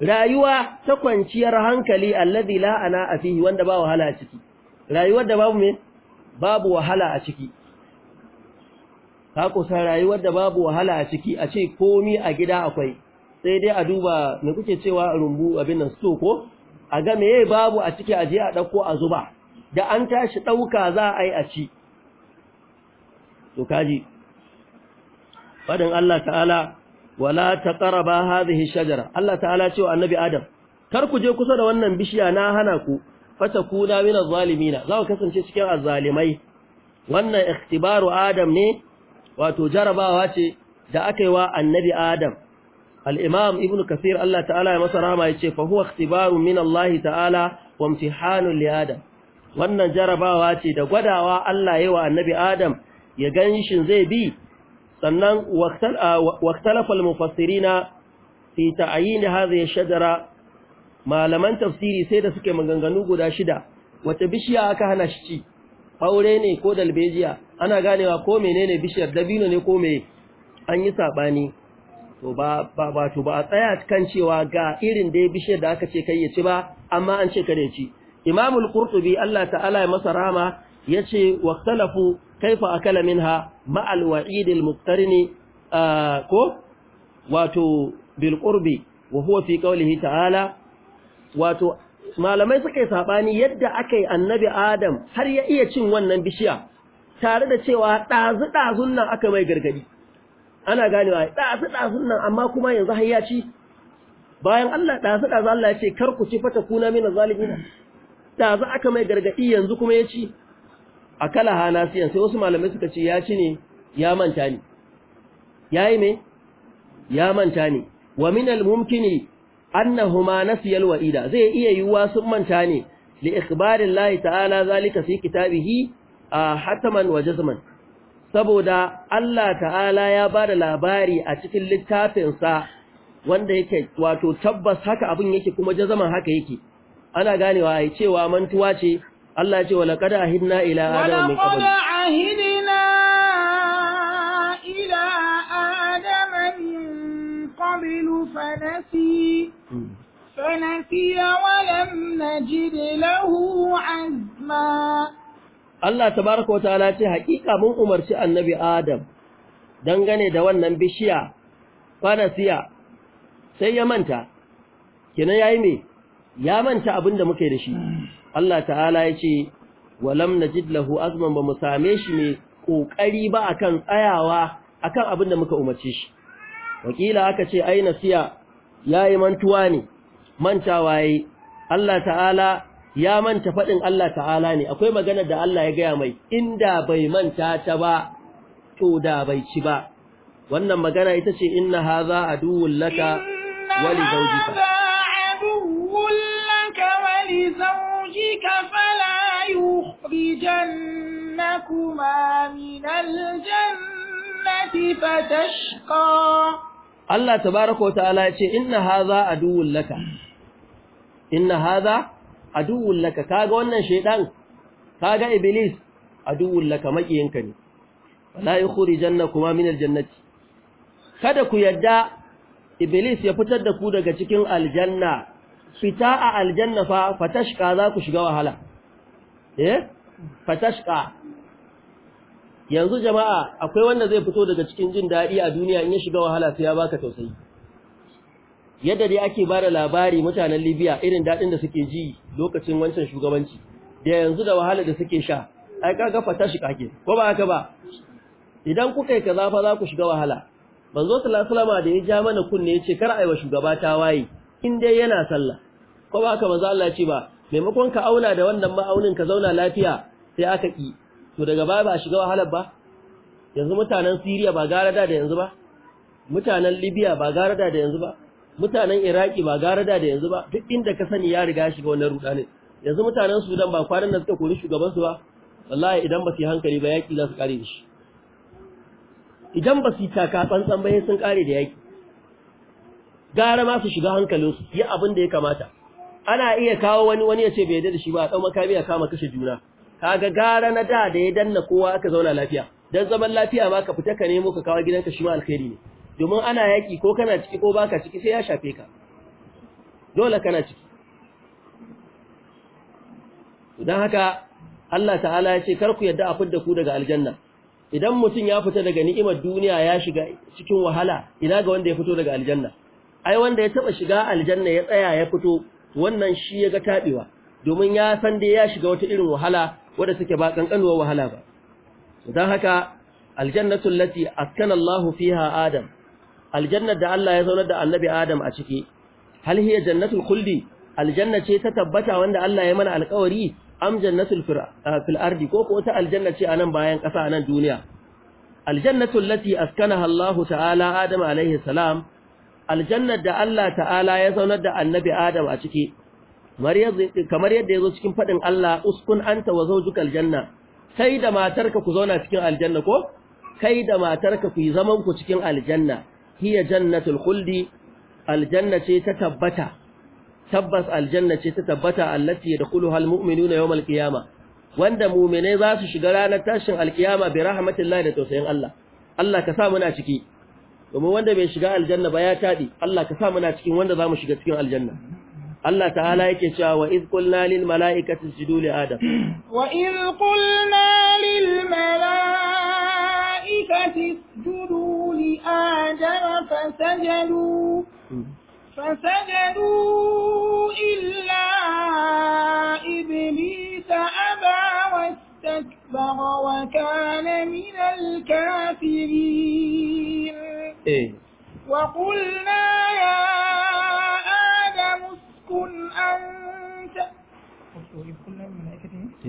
rayuwa ta kwanciyar hankali alladhi la ana afihi wanda ba wahala a ciki rayuwar da babu me babu wahala a ciki ka kusa rayuwar da babu wahala a ciki a ce komi a gida akwai sai dai a duba me kuke cewa rumbu abin nan so ko a ga meye babu a ciki a je a dauko a zuba da an tashi dauka za a yi a ci to kaji Allah ta'ala wala taqraba hadhihi shajara Allah ta'ala cewa annabi Adam kar ku je kusa da wannan bishiya na hana ku kuna mina zalimina za ku kasance cikin azzalimai wannan ikhtibaru Adam ne wato jarabawa ce da aka yi wa annabi adam al'imam ibn kasir Allah ta'ala ya masa rama ya ce fahuwa ƙtibaru min Allah ta'ala wa mtihanun li adam wannan jarabawa ce da gwadawa Allah ya wa annabi adam ya ganshin zai bi sannan waktalafal mufassirina fi ta'ayini ya shajara malaman tafsiri sai da suke maganganu guda shida wace bishiya aka hana shi ci ɓaure ne ko dalbejiya ana ganewa ko menene bishiyar dabino ne ko mai an yi saɓani to ba ba to ba a tsaya kan cewa ga irin da bishiyar da aka ce kai ya ci ba amma an ce kare ci imamul qurtubi Allah ta'ala ya masa rama yace khalafu kaifa akala minha ma'al wa'idil muqtarini ko wato bil qurbi wa huwa fi qawlihi ta'ala wato malamai suka yi saɓani yadda aka yi annabi Adam har ya iya cin wannan bishiya, tare da cewa ɗazu-ɗazun nan aka mai gargadi. Ana ganewa, ɗazu-ɗazun nan amma kuma yanzu har ya ci, bayan Allah ɗazu-ɗazu Allah ya ce, kar ku ci fata kuna mina zalimina. Ɗazu aka mai gargadi yanzu kuma ya ci. A kala hana siyan sai wasu malamai suka ce ya ci ne, ya manta ne. Ya yi me? Ya manta ne. Wa min al-mumkini annahuma nasiyal wa'ida zai iya yiwuwa sun manta ne li ikhbarillahi ta'ala zalika fi kitabihi hataman wa jazman saboda Allah ta'ala ya bada labari a cikin littafinsa wanda yake wato tabbas haka abin yake kuma jazaman haka yake ana ganewa ai cewa mantuwa ce Allah ya ce wa laqad ahidna ila adama min qabl فنسي ولم Lahu له Allah الله تبارك وتعالى ce haƙiƙa mun umarci annabi Adam dangane da wannan bishiya fanasiya sai ya manta kina yi me ya manta muka yi da shi Allah ta'ala ya ce walam najid lahu azman ba mu same shi ne ƙoƙari ba akan tsayawa akan abin da muka umarce shi wakila aka ce ai nasiya yayi mantuwa ne mantawa yayi Allah ta'ala ya manta faɗin Allah ta'ala ne akwai maganar da Allah ya gaya mai inda bai manta ta ba to da bai ci ba wannan magana ita ce inna hadha aduwwul laka wa li zawjika aduwwul laka wa Allah tabaraka wataala ya ce inna hadha aduwwul laka inna hadha aduwwul laka kaga wannan shedan kaga iblis aduwwul laka makiyinka ne wala yukhrijannakuma min aljannati kada ku yadda iblis ya fitar da ku daga cikin aljanna fita a aljanna fa fatashqa za ku shiga wahala eh fatashqa yanzu jama'a akwai wanda zai fito daga cikin jin daɗi a duniya in ya shiga wahala sai ya baka tausayi yadda dai ake bada labari mutanen Libya irin daɗin da suke ji lokacin wancan shugabanci da yanzu da wahala da suke sha ai kaga fata shi kake ko ba haka ba idan ku kai kaza fa za ku shiga wahala manzo sallallahu alaihi da ya ja mana kunne ya ce kar aiwa shugaba ta waye in dai yana sallah ko ba haka manzo Allah ya ce ba maimakon ka auna da wannan ma'aunin ka zauna lafiya sai aka ki to daga baya ba shiga wahalar ba yanzu mutanen Syria ba gara da da yanzu ba mutanen Libya ba gara da da yanzu ba mutanen Iraki ba gara da da yanzu ba duk inda ka sani ya riga shiga wannan rudanin yanzu mutanen Sudan ba kwanan da suka kori shugaban su ba wallahi idan ba su yi hankali ba yaki za su kare da shi idan ba su yi taka tsantsan ba sun kare da yaki gara ma su shiga hankalinsu yi abin da ya kamata ana iya kawo wani wani ya ce bai yadda da shi ba a ɗau makami a kama kashe juna kaga gara na da da ya danna kowa aka zauna lafiya dan zaman lafiya ma ka fita ka nemo ka kawo gidanka shi ma alkhairi ne domin ana yaki ko kana ciki ko baka ciki sai ya shafe ka dole kana ciki dan haka Allah ta'ala ya ce kar ku yadda a fidda ku daga aljanna idan mutum ya fita daga ni'imar duniya ya shiga cikin wahala ina ga wanda ya fito daga aljanna ai wanda ya taba shiga aljanna ya tsaya ya fito wannan shi ya ga tabewa domin ya san dai ya shiga wata irin wahala wadda suke ba kankanuwar wahala ba don haka aljannatul lati askana Allahu fiha Adam aljannar da Allah ya zaunar da annabi Adam a ciki hal hiya jannatul khuldi aljanna ce ta tabbata wanda Allah ya mana alƙawari am jannatul fil ardi ko ko ta aljanna ce nan bayan ƙasa a nan duniya aljannatul lati askana Allah ta'ala Adam alaihi salam aljannar da Allah ta'ala ya zaunar da annabi Adam a ciki kamar yadda ya zo cikin faɗin Allah uskun anta wa zaujukal janna kai da matarka ku zauna cikin aljanna ko kai da matarka ku yi zaman ku cikin aljanna hiya jannatul khuldi aljanna ce ta tabbata tabbas aljanna ce ta tabbata allati yadkhuluha almu'minuna yawm alqiyama wanda muminai za su shiga ranar tashin alkiyama, bi rahmatillahi da tausayin Allah Allah ka sa muna ciki domin wanda bai shiga aljanna ba ya tadi Allah ka sa muna cikin wanda za mu shiga cikin aljanna Allah ta'ala yake cewa wa iz qulna lil mala'ikati isjudu li adam wa iz qulna lil mala'ikati isjudu li adam fasajadu فسجدوا إلا إبليس أبى واستكبر وكان من الكافرين إيه؟ وقلنا يا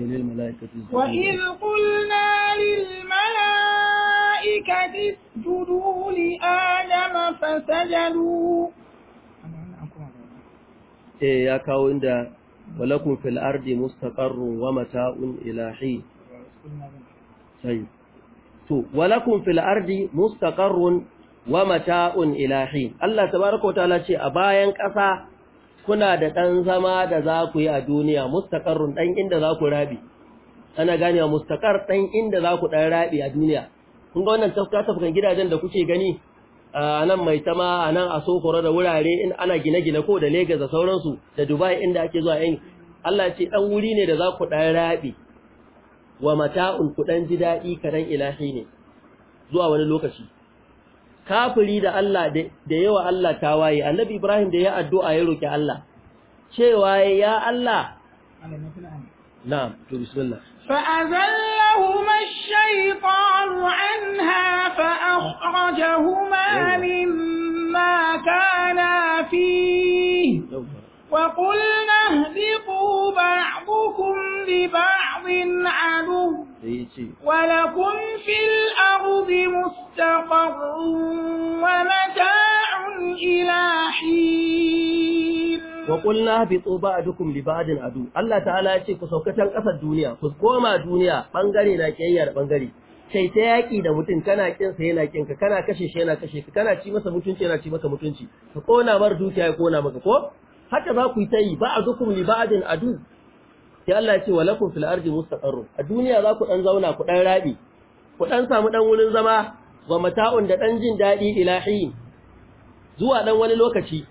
للملائكة اسجدوا وإذ قلنا للملائكة اسجدوا لآدم فسجدوا إيه يا كاوين ده ولكم في الأرض مستقر ومتاع إلى حين طيب to walakum fil ardi mustaqarrun wa mata'un ila hin Allah tabaaraka wataala ce a bayan ƙasa kuna da ɗan zama da za ku yi a duniya Run ɗan inda za ku rabi ana gane wa mustaƙar ɗan inda za ku ɗan rabi a duniya kun ga wannan tafka tafkan gidajen da kuke gani a nan mai tama a nan a sokoro da wurare in ana gine-gine ko da Legas da sauransu da Dubai inda ake zuwa yan Allah ce ɗan wuri ne da za ku ɗan rabi wa mata'un ku ɗan ji daɗi kaɗan ilahi ne zuwa wani lokaci kafiri da Allah da yawa Allah ta waye annabi Ibrahim da ya addu'a ya roki Allah cewa ya Allah na'am to bismillah fa azallahuma ash-shaytanu anha fa akhrajahuma mimma kana fihi وَقُلْنَا اهْبِطُوا بَعْضُكُمْ لِبَعْضٍ عَدُوٌّ وَلَكُمْ فِي الْأَرْضِ مُسْتَقَرٌّ وَمَتَاعٌ إِلَى حِينٍ وَقُلْنَا اهْبِطُوا بَعْضُكُمْ لِبَعْضٍ عَدُوٌّ الله تعالى yace ku sauka can kasar duniya ku koma duniya bangare na kiyayyar bangare sai ta yaki da mutum kana kin sai yana kin ka kana kashe shi yana kashe ka kana ci masa mutunci yana ci maka mutunci ka kona mar dukiya ya kona maka ko haka za ku yi ta ba a zukum li ba'din adu sai Allah ya ce walakum fil ardi mustaqarru a duniya za ku dan zauna ku dan rabi ku dan samu dan wurin zama wa mata'un da dan jin dadi ilahi zuwa dan wani lokaci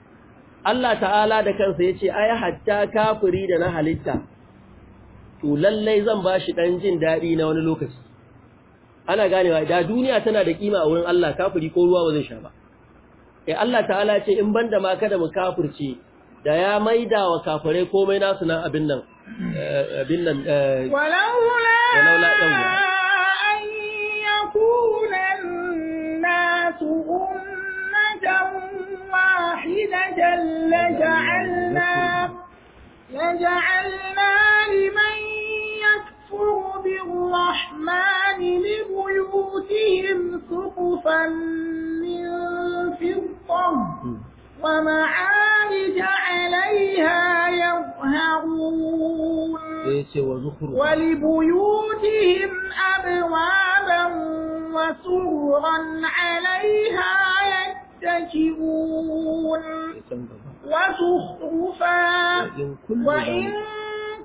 Allah ta'ala da kansa yace ay hatta kafiri da na halitta to lallai zan bashi dan jin dadi na wani lokaci ana ganewa da duniya tana da kima a wurin Allah kafiri ko ruwa ba zai sha ba eh Allah ta'ala ce in banda ma kada mu kafirce da ya maida wa kafare komai nasu nan abin nan abin nan walaula an yakuna nasu ummatan wahidatan laja'alna laja'alna liman yakfuru بالرحمن لبيوتهم سقفا من فضة ومعارج عليها يظهرون ولبيوتهم أبوابا وسررا عليها يتكئون وزخرفا وإن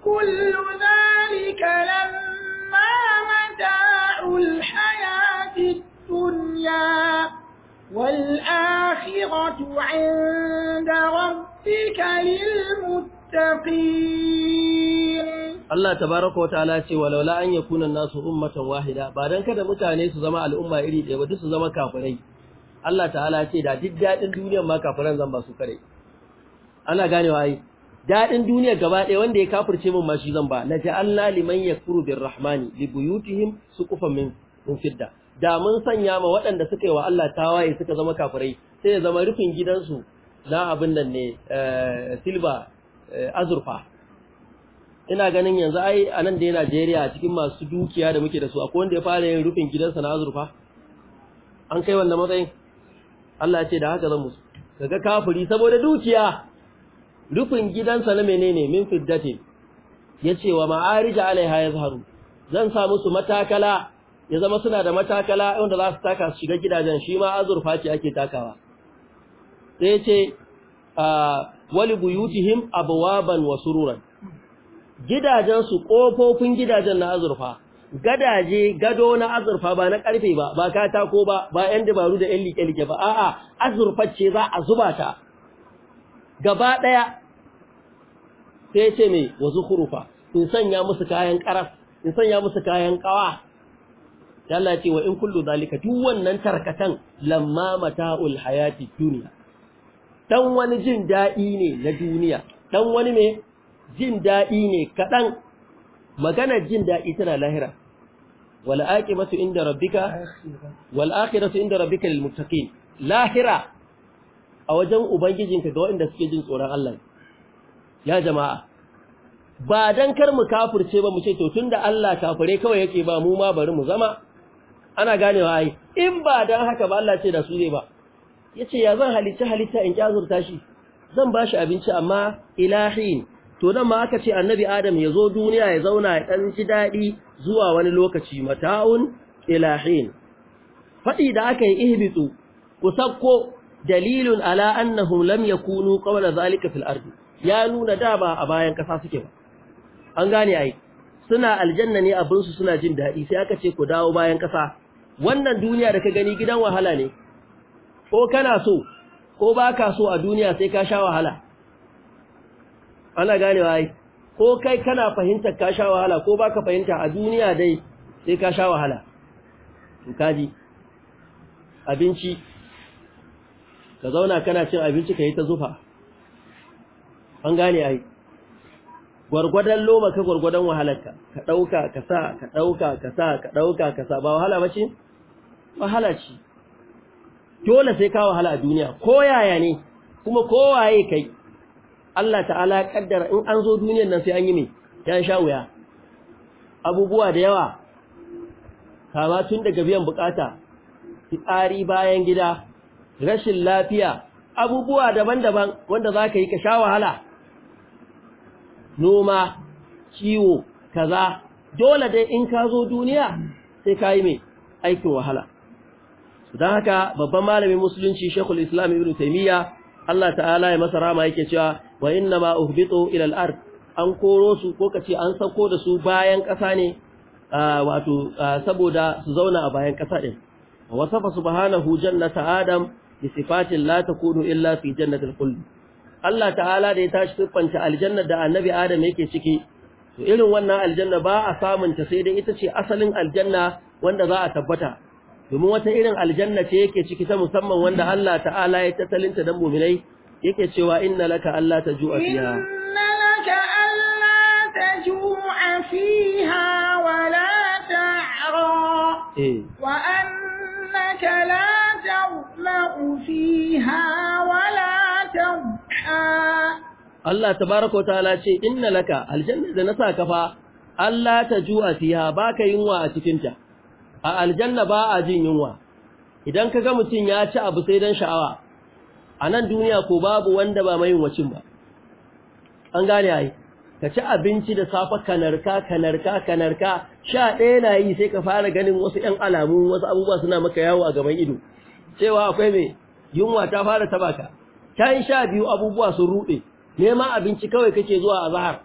كل ذلك لما متاع الحياة الدنيا والآخرة عند ربك للمتقين Allah تبارك wataala ce walaula an yakuna nasu ummatan wahida ba dan kada mutane su zama al'umma iri ɗaya ba duk su zama kafirai Allah ta'ala ce da duk dadin duniyar ma kafiran zan ba su kare ana ganewa ai dadin duniyar gaba ɗaya wanda ya kafirce min ma shi zan ba laja'alna liman yakuru birrahmani li suqufan min fidda da mun sanya ma waɗanda suka yi wa Allah tawaye suka zama kafirai sai ya zama rufin gidansu na abin nan ne eh, silba eh, azurfa ina ganin yanzu ai a nan da dai Najeriya cikin masu dukiya da muke da su akwai wanda ya fara yin rufin gidansa na azurfa an kai wannan matsayin Allah ya ce da haka zan musu kaga kafiri saboda dukiya rufin gidansa na menene min fiddatin yace wa ma'arija alaiha yazharu zan sa musu matakala ya zama suna da matakala wanda za su taka su shiga gidajen shi ma azurfa ce ake takawa sai ce wali buyutihim abwaban wa sururan gidajen su kofofin gidajen na azurfa gadaje gado na azurfa ba na karfe ba ba katako ba ba yan dabaru da yan like-like ba a'a azurfa ce za a zuba ta gaba ɗaya. sai ce me wasu zukhrufa in sanya musu kayan karas in sanya musu kayan ƙawa. Allah ya wa in kullu zalika duk wannan tarkatan lamma mata'ul hayati dunya dan wani jin dadi ne na duniya dan wani ne jin dadi ne kadan magana jin dadi tana lahira wal aqimatu inda rabbika wal akhiratu inda rabbika lil muttaqin lahira a wajen ubangijinka ga waɗanda suke jin tsoron Allah ya jama'a ba dan kar mu kafirce ba mu ce to tunda Allah kafire kawai yake ba mu ma bari mu zama ana ganewa ai in ba dan haka ba Allah ce da su ne ba yace ya zan halitta halitta in kyazurta shi zan bashi abinci amma ilahin to dan ma aka ce annabi adam ya zo duniya ya zauna ya dan ji dadi zuwa wani lokaci mata'un ilahin fadi da aka yi ihbitu ku dalilun ala annahum lam yakunu qawla zalika fil ardi ya nuna da ba a bayan kasa suke ba an gane ai suna aljanna ne abin su suna jin daɗi sai aka ce ku dawo bayan kasa wannan duniya da ka gani gidan wahala ne ko kana so ko ba ka so a duniya sai ka sha wahala ana ganewa ai ko kai kana fahimtar ka sha wahala ko ba ka fahimta a duniya dai sai ka sha wahala kaji abinci ka zauna kana cin abinci ka yi ta zufa an gane ai gwargwadon loma ka gwargwadon wahalarka ka ɗauka ka sa ka ɗauka ka sa ka ɗauka ka sa ba wahala ba ce wahala ce dole sai ka wahala a duniya ko yaya ne kuma ko waye kai Allah ta'ala ya kaddara in an zo duniyar nan sai an yi mai ya sha wuya abubuwa da yawa kama tun daga biyan bukata fitsari bayan gida rashin lafiya abubuwa daban-daban wanda za ka yi ka sha wahala noma ciwo kaza dole dai in ka zo duniya sai ka yi mai aikin wahala don haka babban malamin musulunci shekul islam ibn taimiyya Allah ta'ala ya masa rama yake cewa wa inna ma uhbitu ila al-ard an koro su ko kace an sako da su bayan ƙasa ne wato saboda su zauna a bayan ƙasa din wasafa subhanahu jannata adam bi sifatin la takunu illa fi jannatil khuld Allah ta'ala da ya tashi siffanta aljanna da annabi adam yake ciki to irin wannan aljanna ba a samunta sai dai ita ce asalin aljanna wanda za a tabbata domin wata irin aljanna ce yake ciki ta musamman wanda Allah ta'ala ya tattalinta dan mu'minai yake cewa inna laka ta ju'a fiha inna laka alla tajua fiha wa la ta'ra eh. wa annaka la tawma'u fiha wa la Allah tabaaraka ta'ala ce inna laka aljanna da na saka fa alla tajua fiha baka yunwa a cikinta a aljanna ba a jin yunwa idan ka ga mutum ya ci abu sai don sha'awa a nan duniya ko babu wanda ba mai wacin ba an gane ai ka ci abinci da safa kanarka kanarka kanarka sha ɗaya na yi sai ka fara ganin wasu ƴan alamu wasu abubuwa suna maka yawo a gaban ido cewa akwai mai yunwa ta fara taba ka ta yi sha biyu abubuwa sun ruɗe nema abinci kawai kake zuwa a zahar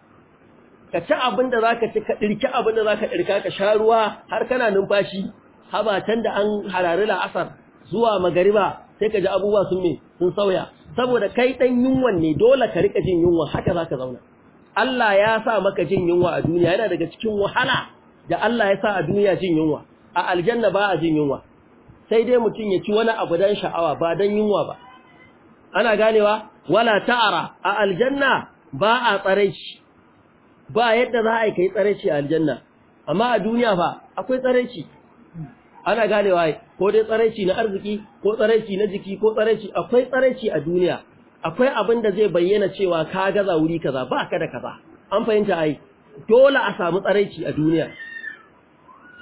ka ci abin da za ci ka ɗirki abin da za ka ɗirka ka sha ruwa har kana numfashi habatan da an harari la'asar zuwa magariba sai ka ji abubuwa sun me sun sauya saboda kai ɗan yunwan ne dole ka rika jin yunwa haka za ka zauna Allah ya sa maka jin yunwa a duniya yana daga cikin wahala da Allah ya sa a duniya jin yunwa a aljanna ba a jin yunwa sai dai mutum ya ci wani abu dan sha'awa ba dan yunwa ba ana ganewa wala ta'ara a aljanna ba a tsare shi ba yadda za a yi kai tsareci a aljanna amma a duniya fa akwai tsareci ana ganewa ko dai tsaraici na arziki ko tsareci na jiki ko tsareci akwai tsareci a duniya akwai abin da zai bayyana cewa ka gaza wuri kaza ba ka da kaza an fahimta ai dole a samu tsaraici a duniya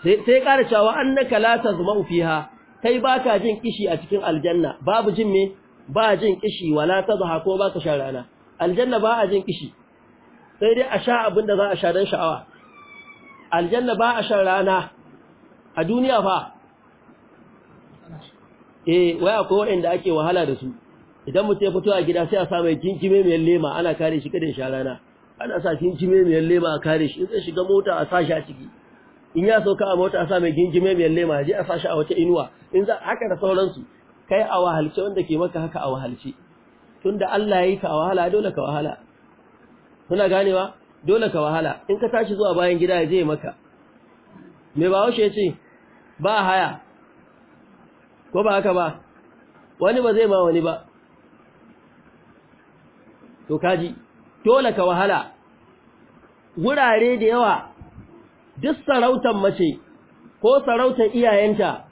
sai sai ƙara cewa annaka la tazma'u fiha kai baka jin kishi a cikin aljanna babu jin me ba jin kishi wala tazha ko ka shan rana aljanna ba a jin kishi sai dai a sha abin da za a sha don sha'awa aljanna ba a shan rana a duniya fa eh waya akwai waɗanda ake wahala da su idan mutu ya fito a gida sai a sa mai kinkime mai lema ana kare shi kada sha rana ana sa kinkime mai lema a kare shi in zai shiga mota a sa shi a ciki in ya sauka a mota a sa mai kinkime mai lema je a sa shi a wata inuwa in za haka da sauransu kai a wahalce wanda ke maka haka a wahalce tunda Allah ya yi ka wahala dole ka wahala kuna ganewa dole ka wahala in ka tashi zuwa bayan gida ya je maka me ba washe ce ba haya ko ba haka ba wani ba zai ma wani ba to kaji dole ka wahala wurare da yawa duk sarautar mace ko sarautar iyayenta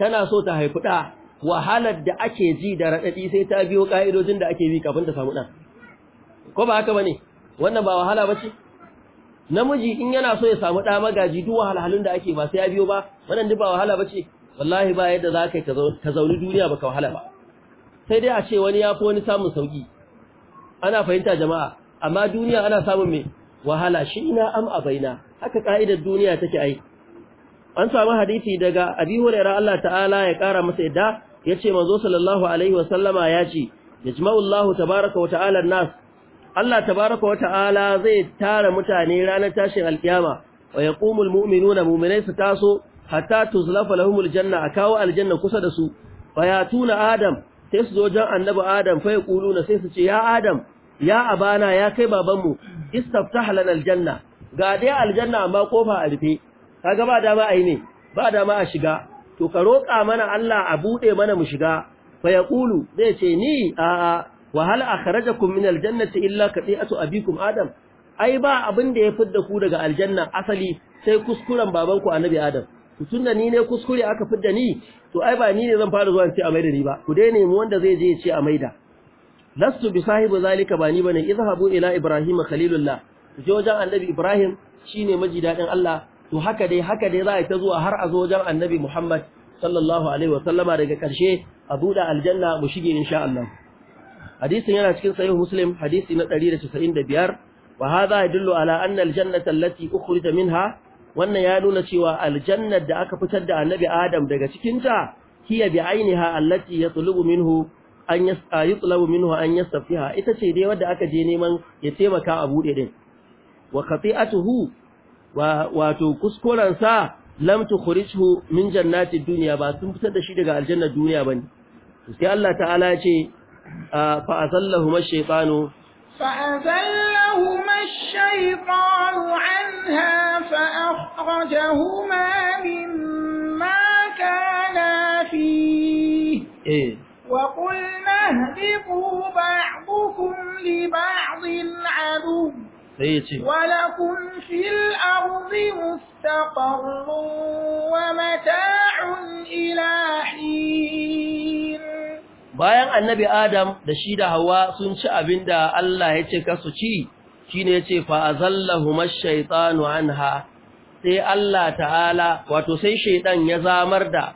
tana so ta haifi wahalar da ake ji da raɗaɗi sai ta biyo ƙa'idojin da ake bi kafin ta samu ɗan ko ba haka ba ne wannan ba wahala ba ce namiji in yana so ya samu ɗa magaji duk wahalhalun da ake masu ya biyo ba wannan duk ba wahala ba ce wallahi ba yadda za ka yi ka zauni duniya ba ka wahala ba sai dai a ce wani ya fi wani samun sauƙi. ana fahimta jama'a amma duniya ana samun mai wahala shi ina am a baina haka ka'idar duniya take ai an samu hadisi daga abi hurairah Allah ta'ala ya kara masa yadda yace manzo sallallahu alaihi sallama ya ce yajma'u Allahu tabaaraka wa ta'ala an-nas Allah tabaraka wa ta'ala zai tara mutane ranar tashin alkiyama wa yaqumul na mu'minai su taso hatta tuzlafa lahumul janna kawo aljanna kusa da su fa tuna adam sai su zo jan annabi adam fa na sai su ce ya adam ya abana ya kai babanmu Istafta lana aljanna ga dai aljanna amma kofa a rufe kaga ba dama yi ne ba dama a shiga to ka roƙa mana Allah a buɗe mana mu shiga fa yaqulu zai ce ni a'a Wahala wa hal akhrajakum min ta illa qati'atu abikum adam ai ba abin da ya fidda ku daga aljanna asali sai kuskuren babanku annabi adam tunda ni ne kuskure aka fidda ni to ai ba ni ne zan fara zuwa in ce a maida ni ba ku dai nemi wanda zai je ya ce a maida lastu bi sahibi zalika ba ni bane izhabu ila ibrahima khalilullah je wajen annabi ibrahim shine maji dadin Allah to haka dai haka dai za a ta zuwa har a zo wajen annabi muhammad sallallahu alaihi wa sallama daga karshe a buɗe aljanna mu shige insha Allah hadisin yana cikin sahih muslim hadisi na 195 wa hadha yadullu ala anna aljannata allati ukhrija minha wannan ya nuna cewa aljannar da aka fitar da annabi adam daga cikin ta hiya bi ainiha allati yatlubu minhu an yatlubu minhu an yastafiha ita ce dai wanda aka je neman ya taimaka a bude din wa qati'atuhu wa wato kuskuren sa lam tukhrijhu min jannati dunya ba sun fitar da shi daga aljannar duniya bane sai Allah ta'ala ya ce آه، فأذلهما الشيطان فأذلهما الشيطان عنها فأخرجهما مما كانا فيه إيه؟ وقلنا اهبطوا بعضكم لبعض عدو ولكم في الأرض مستقر ومتاع إلى حين bayan annabi adam da shi da hawa sun ci abin da Allah ya ce kasu ci shine ya ce fa'azallahuma shaitanu anha sai Allah ta'ala wato sai shaitan ya zamar da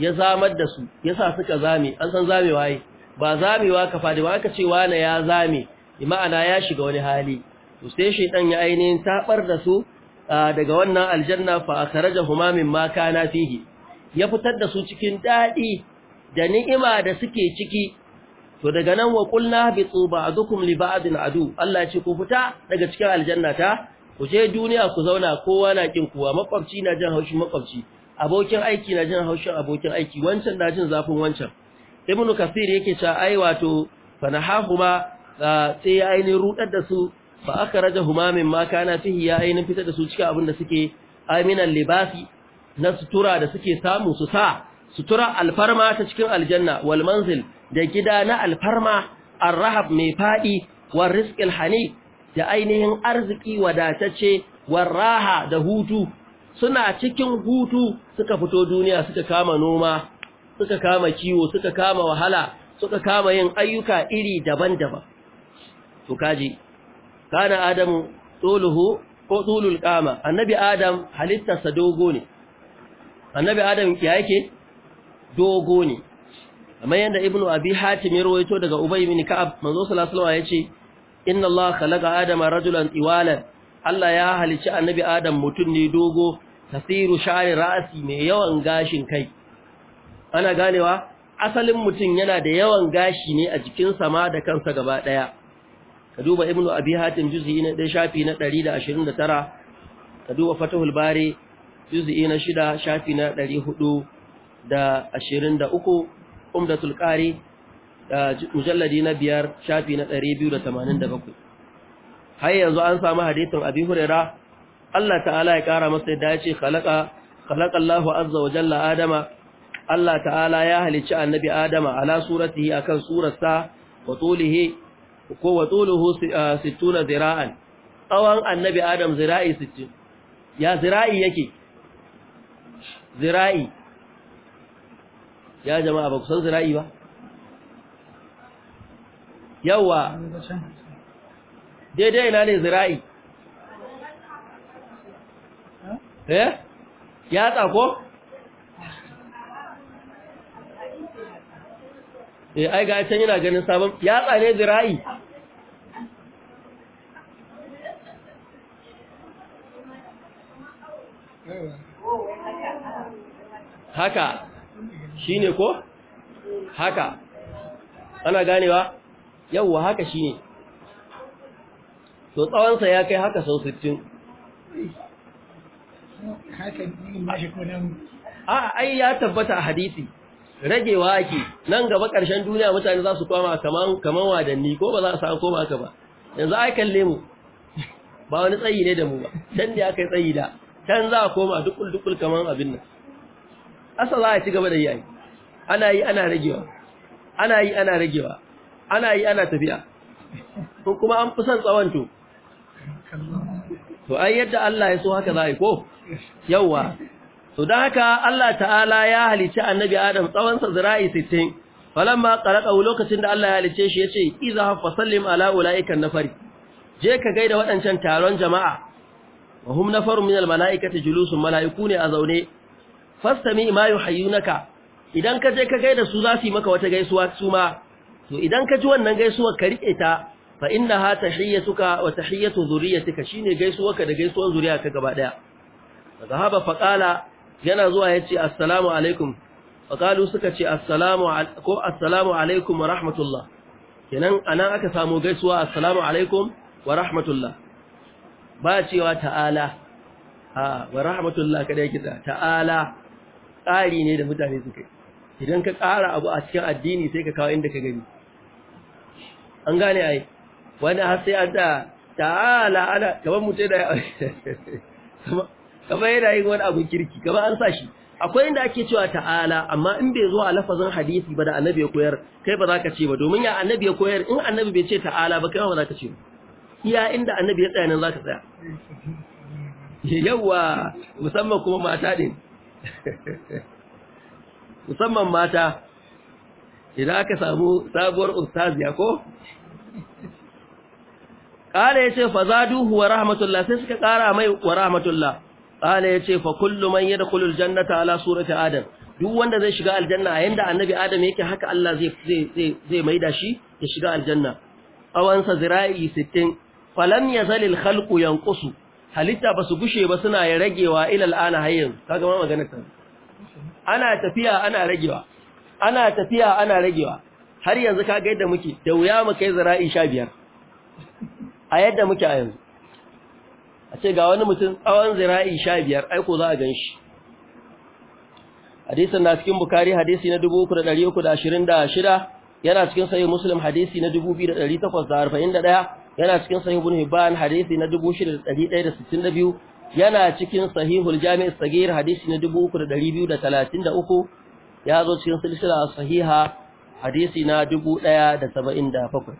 ya zamar da su yasa suka zame an san zamewa yi ba zamewa ka fadi ba aka ce wane ya zame ma'ana ya shiga wani hali to sai shaitan ya ainihin tabar da su daga wannan aljanna fa akhrajahuma mimma makana fihi ya fitar da su cikin daɗi. da ni'ima da suke ciki to daga nan wa qulna bi ba'dukum li ba'din adu Allah ce ku fita daga cikin aljanna ta ku je duniya ku zauna kowa na kin kuwa. makwabci na jin haushin makwabci abokin aiki na jin haushin abokin aiki wancan na jin zafin wancan ibnu kasir yake cewa ai wato fanahahuma sai ya aini rudar da su fa aka raja humamin ma kana fihi ya aini fitar da su cikin abin da suke aminan libasi na sutura da suke samu su sa sutura alfarma ta cikin aljanna wal manzil da gida na alfarma arrahab mai fadi war rizqil hani da ainihin arziki wadatacce war raha da hutu suna cikin hutu suka fito duniya suka kama noma suka kama kiwo suka kama wahala suka kama yin ayyuka iri daban-daban to kaji kana adamu tuluhu ko tulul qama annabi adam halittarsa dogo ne annabi adam ya yake dogo ne amma yanda ibnu abi hatim ya rawaito daga ubay bin ka'ab manzo sallallahu alaihi wasallam yace inna allaha khalaqa adama rajulan iwalan Allah ya halici annabi adam mutun ne dogo tasiru sha'ri ra'si mai yawan gashin kai ana ganewa asalin mutun yana da yawan gashi ne a jikin sama da kansa gaba daya ka duba ibnu abi hatim juz'i na 1 shafi na 129 ka duba fatahul bari juz'i na 6 shafi na 400 da ashirin da uku umdatul ƙari da mujalladi na biyar shafi na ɗari biyu da tamanin da bakwai har yanzu an samu hadithin abi hurera Allah ta'ala ya ƙara masa yadda ya ce khalaƙa Allah azza wa jalla adama Allah ta'ala ya halicci annabi adama ala suratihi akan surarsa wa tulihi ko wa tuluhu 60 ah, zira'an tsawon annabi adam zira'i 60 ya zira'i yake zira'i ya jama'a ba ku san zira'i ba yawa daidai ina ne zira'i eh tsako? ko eh ai ga can yana ganin sabon Ya ne zira'i haka Shi ne ko haka ana ganewa yawwa haka shi ne. to tsawonsa ya kai haka sau sittin. a ai ya tabbata a hadisi ragewa ake nan gaba ƙarshen duniya mutane za su kwama kamar kaman wadanni ko ba za a samu koma haka ba yanzu ai kalle mu ba wani tsayi ne da mu ba can da aka yi tsayi da can za a koma dukul dukul kaman abin nan asa za a ci gaba da yi ana yi ana ragewa ana yi ana ragewa ana yi ana tafiya ko kuma an fi son tsawon to to ai yadda Allah ya so haka za yi ko yawa to da haka Allah ta'ala ya halicci annabi Adam tsawon sa zira'i 60 falamma qalaqahu lokacin da Allah ya halicce shi yace idza fa sallim ala ulaiika nafari je ka gaida wadancan taron jama'a wa hum nafarun min al malaikati julusun malaiku ne a zaune fastami ma yuhayyunaka idan ka je ka gaida su za su yi maka wata gaisuwa su ma to idan ka ji wannan gaisuwar ka rike ta fa ha tahiyyatuka wa tahiyyatu dhurriyyatika shine gaisuwarka da gaisuwar ka gaba daya fa faqala yana zuwa yace assalamu alaikum faqalu suka ce assalamu ko assalamu alaikum wa rahmatullah kenan anan aka samu gaisuwa assalamu alaikum wa rahmatullah ba cewa ta'ala ha wa rahmatullah kada yake ta'ala ƙari ne da mutane suka yi idan ka ƙara abu a cikin addini sai ka kawo inda ka gani an gane ai Wani har sai an ta ta'ala ana kamar mutai da kamar yana yin wani abin kirki kamar an sa shi akwai inda ake cewa ta'ala amma in bai zuwa lafazin hadisi ba da annabi ya koyar kai ba za ka ce ba domin ya annabi ya koyar in annabi bai ce ta'ala ba kai ba za ka ce ba iya inda annabi ya tsaya nan za ka tsaya yawa musamman kuma mata din musamman mata idan aka samu sabuwar ustaziya ko kala yace fazaduhu wa rahmatullah sai suka kara mai wa rahmatullah kala yace fa kullu man yadkhulu aljannata ala surati adam duk wanda zai shiga aljanna a yanda annabi adam yake haka Allah zai zai zai maida shi ya shiga aljanna awansa zira'i sittin falam yazal halku yanqusu halitta basu gushe ba suna ya ragewa ila al'ana hayyan kaga ma maganar ta ana tafiya ana ragewa ana tafiya ana ragewa har yanzu ka ga yadda muke da wuya mu kai zara'i 15 a yadda muke a yanzu a ce ga wani mutum tsawon zira'i 15 ai ko za a gan shi hadisin na cikin bukari hadisi na 3326 yana cikin sahih muslim hadisi na 2841 yana cikin sahih ibn hibban hadisi na 6162 yana cikin sahihul jami' sagir hadisi na 3233 ya zo cikin silsila sahiha hadisi na 1077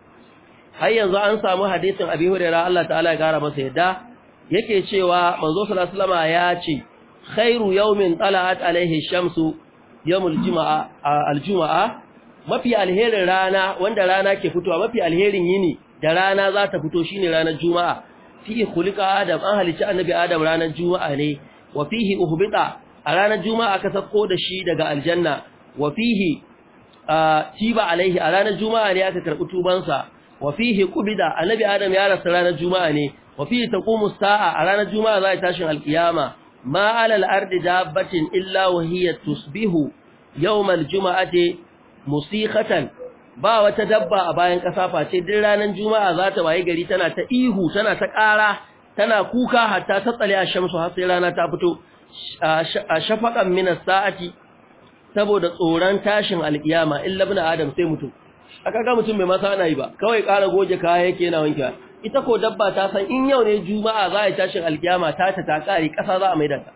har yanzu an samu hadisin abi hurairah Allah ta'ala ya gara masa yadda yake cewa manzo sallallahu alaihi wasallam ya ce khairu yawmin tala'at alaihi shamsu yawmul juma'a aljuma'a mafi alherin rana wanda rana ke fitowa mafi alherin yini da rana za ta fito shine ranar juma'a fihi khuliqa adam an halicci annabi adam ranar juma'a ne wa fihi uhbita a ranar juma'a aka sako da shi daga aljanna wa fihi tiba alaihi a ranar juma'a ne aka karbi tubansa wa fihi qubida annabi adam ya rasu ranar juma'a ne wa fihi taqumu sa'a a ranar juma'a za ta tashin alkiyama ma alal ardi dabbatin illa wa hiya tusbihu yawm aljuma'ati musikhatan ba wata dabba a bayan ƙasa face duk ranar juma'a za ta waye gari tana ta ihu tana ta ƙara tana kuka hatta ta tsale a shamsu har sai rana ta fito a shafaƙan minas sa'ati saboda tsoron tashin alƙiyama illa bin adam sai mutum aka ga mutum mai masa ana yi ba kawai ƙara goge kaya yake yana wankewa ita ko dabba ta san in yau ne juma'a za a yi tashin alƙiyama ta ta ta ƙare ƙasa za a maida ta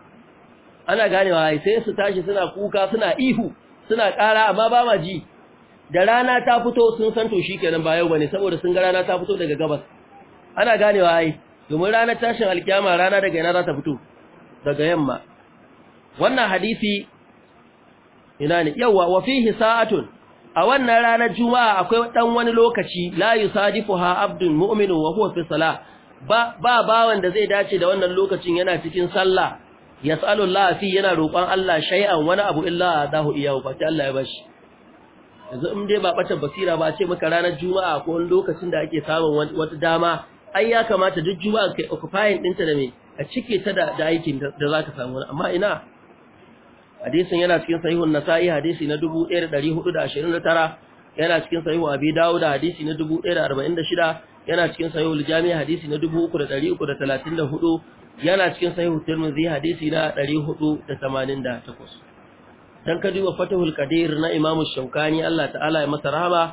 ana ganewa sai su tashi suna kuka suna ihu suna ƙara amma ba ma ji da rana ta fito sun san to shikenan ba yau bane saboda sun ga rana ta fito daga gabas ana ganewa ai domin ranar tashin alkiyama rana daga ina za ta fito daga yamma wannan hadisi ina ne yawa wa fihi sa'atun a wannan ranar juma'a akwai dan wani lokaci la yusadifuha abdun mu'minu wa huwa fi salah ba ba bawan da zai dace da wannan lokacin yana cikin sallah yas'alullahi fi yana roƙon Allah shay'an wani abu illa dahu iyahu fa Allah ya bashi yanzu in dai ba ɓatar basira ba a ce maka ranar juma'a ko wani lokacin da ake samun wata dama ai ya kamata duk juma'a kai occupying ɗinta da me a cike ta da aikin da za ka samu amma ina hadisin yana cikin sahihun nasa'i hadisi na 1429 yana cikin sahihu abi dawud hadisi na 1046 yana cikin sahihul jami' hadisi na 3334 yana cikin sahihu tirmidhi hadisi na 488 dan ka wa fatahul qadir na imamu shaukani Allah ta'ala ya masa rahama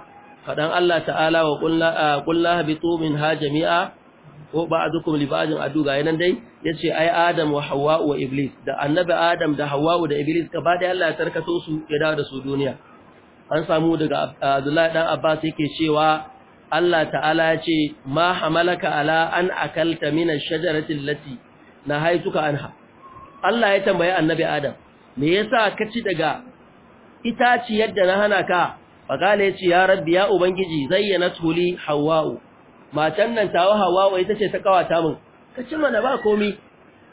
fadan Allah ta'ala wa qulna ah, habitu minha jami'a ko ba'dukum li ba'din adu ga yanan dai yace ai adam wa hawa wa iblis da annabi adam da hawa da iblis ka da Allah ya tarkato su ya dawo da su duniya an samu daga ah, Abdullahi dan Abbas yake cewa Allah ta'ala ya ce ma hamalaka ala an akalta min ash-shajarati allati anha Allah ya tambaye annabi adam me yasa ka ci daga itaci yadda na hana ka faqala yace ya rabbi ya ubangiji zayyana tuli hawa'u matan nan tawa hawa'u ita ce ta kawata min ka ci mana ba komi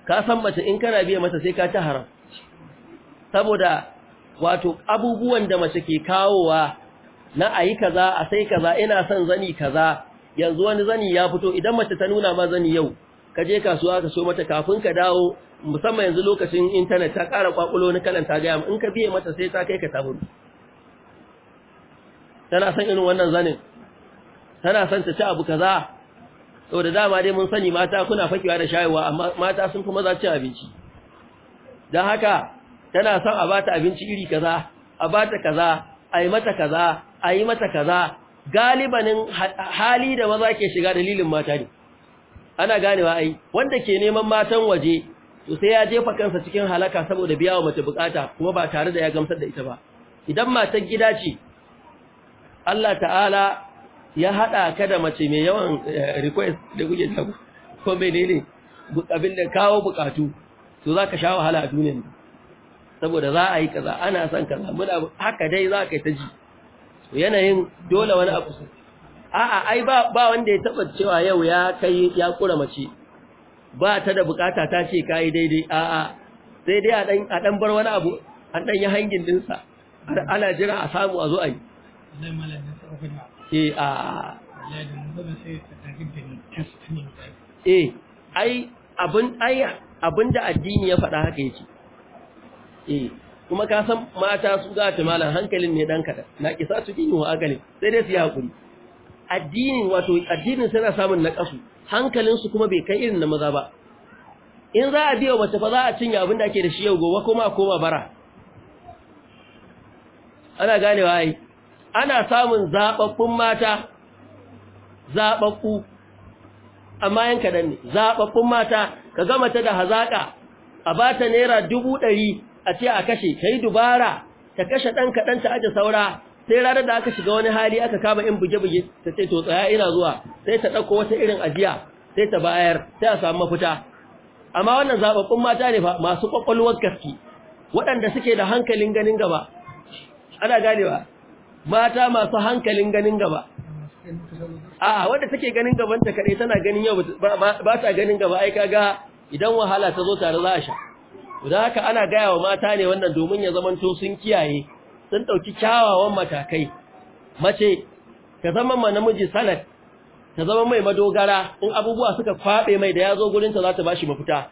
ka san mace in kana biya mata sai ka ta haram saboda wato abubuwan da mace ke kawowa na ayi kaza a sai kaza ina son zani kaza yanzu wani zani ya fito idan mace ta nuna ma zani yau ka je kasuwa ka so mata kafin ka dawo musamman yanzu lokacin intanet ta ƙara kwakulo na kalan ta gaya in ka biye mata sai ta kai ka sabulu tana son irin wannan zanin tana son ta ci abu kaza da dama dai mun sani mata kuna fakewa da shayawa, amma mata sun fi maza cin abinci don haka tana son a bata abinci iri kaza a bata kaza a yi mata kaza a yi mata kaza galibanin hali da maza ke shiga dalilin mata ne ana ganewa ai wanda ke neman matan waje to sai ya jefa kansa cikin halaka saboda biya wa mace bukata kuma ba tare da ya gamsar da ita ba idan matan gida ce Allah ta'ala ya hada ka da mace mai yawan eh, request da kuke ta ko menene abin da kawo bukatu to za ka sha wahala a duniyar saboda za a yi kaza ana son kaza muna haka dai za ka ta ji yanayin dole wani abu a'a ai ba ba wanda ya taba cewa yau ya kai ya kura mace ba ta da bukata ta ce kai daidai a'a sai dai a dan a dan bar wani abu an dan yi hangin din sa ana jira a samu a zo ai eh a eh ai abun ai abinda addini ya faɗa haka yake eh kuma ka san mata su ga ta malan hankalin ne dan kada na kisa su yi wa agalin sai dai su yi hakuri addini wato addinin sai na samun nakasu hankalin su kuma bai kai irin na maza ba in za a biya mace fa za a cinye abin da ake da shi yau gobe kuma koma bara ana ganewa ai ana samun zababbun mata zababbu amma yan kadan ne zababbun mata ka ga mace da hazaka a ba ta naira 100 a ce a kashe kai dubara ta kashe dan kadan ta aje saura sai ranar da aka shiga wani hali aka kama in buge-buge ta ce to tsaya ina zuwa sai ta ɗauko wata irin ajiya sai ta bayar sai a samu mafita amma wannan zababbun mata ne masu ƙwaƙwalwar gaske waɗanda suke da hankalin ganin gaba ana gane ba. mata masu hankalin ganin gaba a wanda take ganin gaban ta kadai tana ganin yau ba ta ganin gaba ai kaga idan wahala ta zo tare za a sha da haka ana gaya wa mata ne wannan domin ya zamanto sun kiyaye sun ɗauki kyawawan matakai mace ta zama ma namiji sanad ta zama mai madogara in abubuwa suka kwaɓe mai da ya zo gurinta za ta ba shi mafita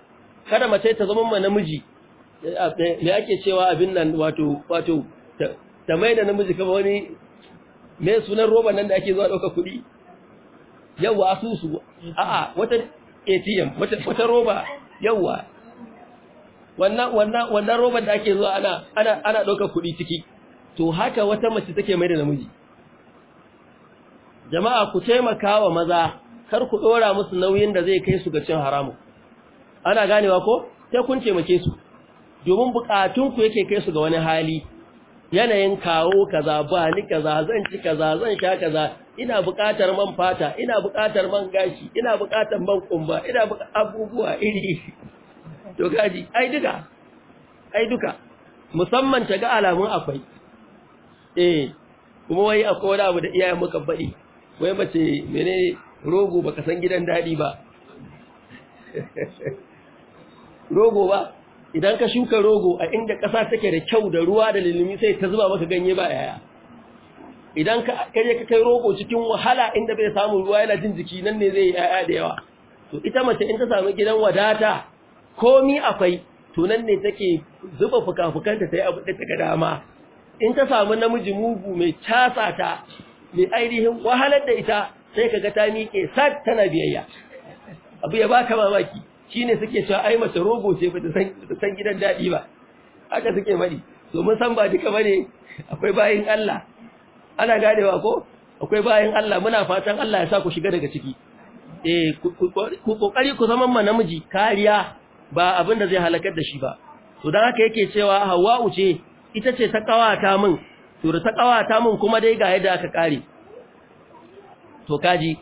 kada mace ta zama ma namiji eh, eh, me ake cewa abin nan wato wato ta mai da namiji kama wani mai sunan roba nan da ake zuwa ɗauka kuɗi yawwa asusu a'a wata atm wata roba yawwa wannan roban da ake zuwa ana ɗauka kuɗi ciki to haka wata mace take mai da namiji jama'a ku taimaka wa maza kar ku dora musu nauyin da zai kai su ga cin haramu ana ganewa ko sai kun taimake su domin bukatun ku yake kai su ga wani hali yanayin kawo kaza ba ni kaza zan ci kaza zan sha kaza ina buƙatar man fata ina buƙatar man gashi ina buƙatar man kumba ina abubuwa iri to gaji ai duka ai duka musamman ta ga alamun akwai eh kuma wai akwai wani abu da iyayen muka faɗi wai mace mene rogo baka san gidan daɗi ba rogo ba idan ka shuka rogo a inda ƙasa take da kyau da ruwa da lilimi sai ta zuba maka ganye ba yaya idan ka kaje ka kai rogo cikin wahala inda bai samu ruwa yana jin jiki nan ne zai yi yaya da yawa to ita mace in ta samu gidan wadata komi akwai to nan ne take zuba fuka-fukanta ta yi abu da ta ga dama in ta samu namiji mugu mai casa ta mai ainihin wahalar da ita sai ka ga ta miƙe sat tana biyayya abu ya baka mamaki ne suke cewa ai mace rogo ce bata san gidan daɗi ba haka suke bari domin san ba duka bane akwai bayin Allah ana ganewa ko akwai bayan Allah muna fatan Allah ya sa ku shiga daga ciki eh ku kokari ku zama ma namiji kariya ba abin da zai halakar da shi ba to dan haka yake cewa Hawwa'u ce ita ce ta kawata min to ta kawata min kuma dai ga yadda aka kare to kaji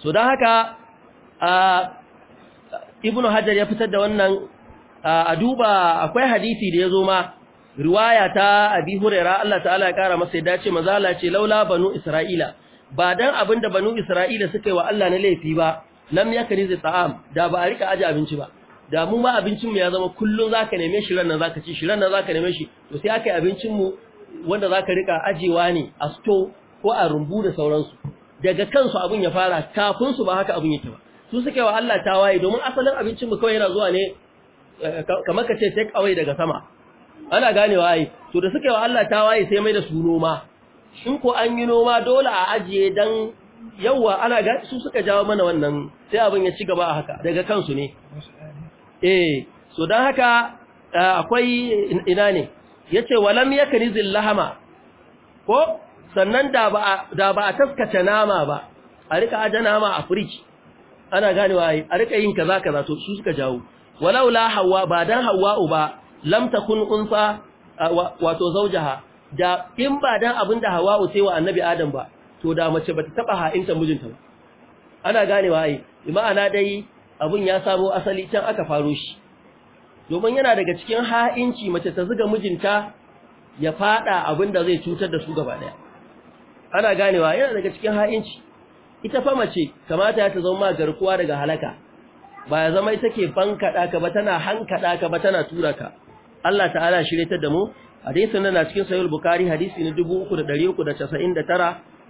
so dan haka a ibnu hajar ya fitar da wannan a duba akwai hadisi da yazo ma riwaya ta abi huraira Allah ta'ala ya kara masa yadda ce mazala ce laula banu isra'ila ba dan abinda banu isra'ila suka yi wa Allah na laifi ba lam yakrizu ta'am da ba a rika aje abinci ba da mu ma abincin mu ya zama kullun zaka neme shi ran nan zaka ci shi ran nan zaka neme shi to sai aka yi abincin mu wanda zaka rika ajewa ne a sto ko a rumbu da sauransu daga kansu abin ya fara kafin su ba haka abin yake ba su suke wa Allah ta waye domin asalin abincin mu kawai yana zuwa ne eh, kamar ka ce take away daga sama ana ganewa ai to da suke wa Allah ta waye sai mai da su noma in ko an yi noma dole a ajiye dan yawa ana ga su suka jawo mana wannan sai abin ya ci gaba a haka daga kansu ne eh so dan haka eh, akwai ina ne yace walam yakrizil lahama ko sannan da ba da ba taskace nama ba a rika aje nama a fridge ana ganewa ai a rika yin kaza kaza to su suka jawo walaula hawa ba dan hawa uba lam takun unsa eh, wato zaujaha da in ba dan abinda hawa sai wa annabi adam ba to da mace bata taba ha'inta mijinta ana ganewa ai ma'ana dai Abun ya samo asali can aka faro shi domin yana daga cikin ha'inci mace ta zuga mijinta ya fada abin da zai cutar da su gaba daya ana ganewa yana daga cikin ha'inci ita fa mace kamata ya ta zama garkuwa daga halaka ba ya zama ita ke bankada ka ba tana hankada ka ba tana tura ka Allah ta'ala shiryatar da mu hadisin nan na cikin sahih bukhari hadisi na 3399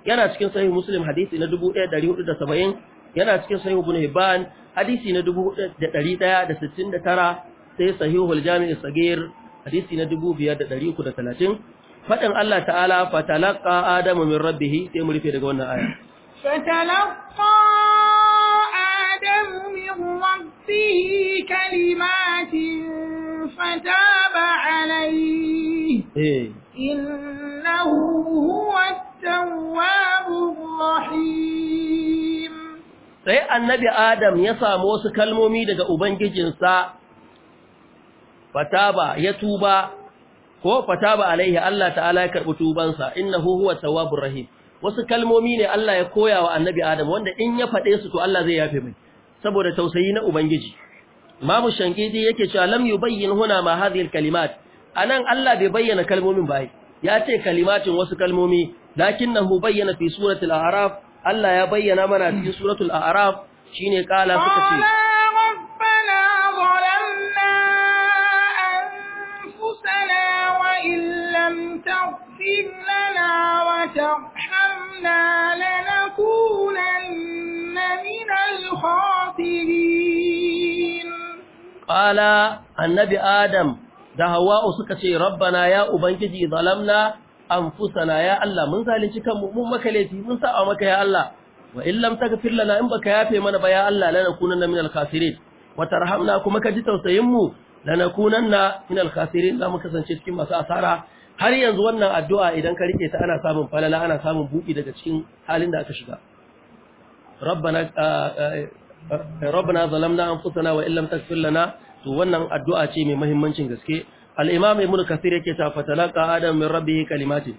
yana cikin sahih muslim hadisi na 1470 yana cikin sahih ibn hibban hadisi na 4169 sai sahihul jami' sagir hadisi na 5330 fadin Allah ta'ala fatalaqa adamu min rabbih sai mu rufe daga wannan aya fatalaqa adamu min rabbih kalimatin فتاب عليه إنه هو التواب الرحيم sai annabi Adam ya samu wasu kalmomi daga Ubangijinsa, fataba ya tuba, ko fataba alaihi Allah ta'ala ya karɓi tubansa, inna huwa tawabur rahim. Wasu kalmomi ne Allah ya koya wa annabi Adam wanda in ya faɗe su to Allah zai yafe mai, saboda tausayi na Ubangiji. Mamu Shangidi yake cewa lam yubayyin huna ma hadhihi kalimat anan Allah bai bayyana kalmomin ba ya ce kalimatin wasu kalmomi lakinnahu bayyana fi suratul a'raf Allah ya bayyana mana cikin suratul a'raf shine kala suka ce rabbana zalamna anfusana wa illam taghfir lana wa tarhamna lanakunanna minal khasirin qala annabi adam da hawa'u suka ce rabbana ya ubangiji zalamna anfusana ya Allah mun zalunci kanmu mun maka laifi mun sa'a maka ya Allah wa in lam taghfir lana in baka yafe mana ba ya Allah lanakunanna minal khasirin wa tarhamna kuma ka ji tausayin mu lanakunanna minal khasirin za mu kasance cikin masu asara har yanzu wannan addu'a idan ka rike ta ana samun falala ana samun buki daga cikin halin da aka shiga rabbana rabbana zalamna anfusana wa in lam taghfir lana to wannan addu'a ce mai muhimmancin gaske al-imam ibn yake ta fatalaqa adam min rabbihi kalimati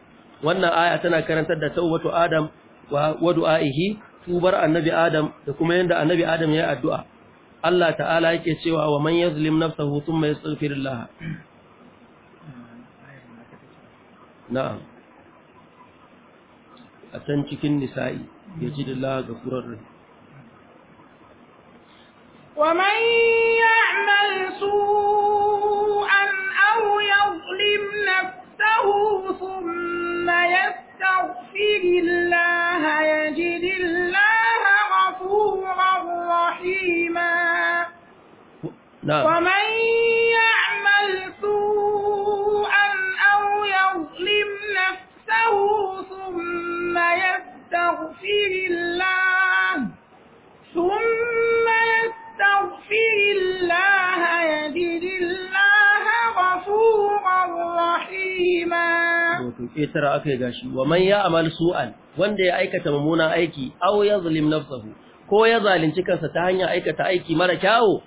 wannan aya tana karantar da tawwatu adam wa du'aihi tubar annabi adam da kuma yanda annabi adam ya addu'a Allah ta'ala yake cewa wa man yazlim nafsahu thumma yastaghfirullah na'am a can cikin nisa'i yajidullah ghafurar rahim ومن يعمل سوء أو يظلم نفسه ثم يستغفر الله يجد الله غفورا رحيما نعم. ومن يعمل سوءا أو يظلم نفسه ثم يستغفر الله ثم يستغفر الله يجد الله غفورا رحيما gashi wa man wanda ya aikata mummunan aiki aw yazlim nafsuhu ko ya zalunci kansa ta hanyar aikata aiki mara kyawu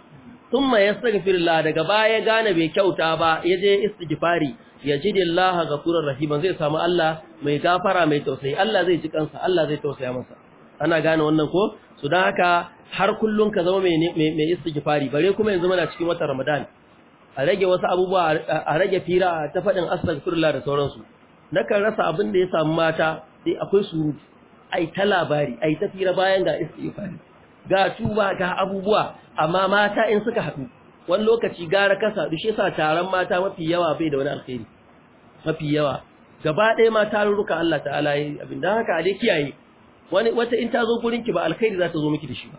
thumma yastaghfirullah daga baya gane bai kyauta ba yaje istighfari yajidillaha ghafurur rahim zai samu Allah mai gafara mai tausayi Allah zai ji kansa Allah zai tausaya masa ana gane wannan ko su dan haka har kullun ka zama mai mai istighfari bare kuma yanzu muna cikin watan Ramadan a rage wasu abubuwa a rage fira ta faɗin astagfirullah da sauransu kan rasa abin da ya samu mata sai akwai surutu ai ta labari ai ta fira bayan ga istighfari ga tuba ga abubuwa amma mata in suka haɗu wani lokaci gara kasa dushe sa taron mata mafi yawa bai da wani alkhairi mafi yawa gaba ɗaya ma tarurruka Allah ta'ala yi abin da haka a dai kiyaye wani wata in ta zo gurin ki ba alkhairi za ta zo miki da shi ba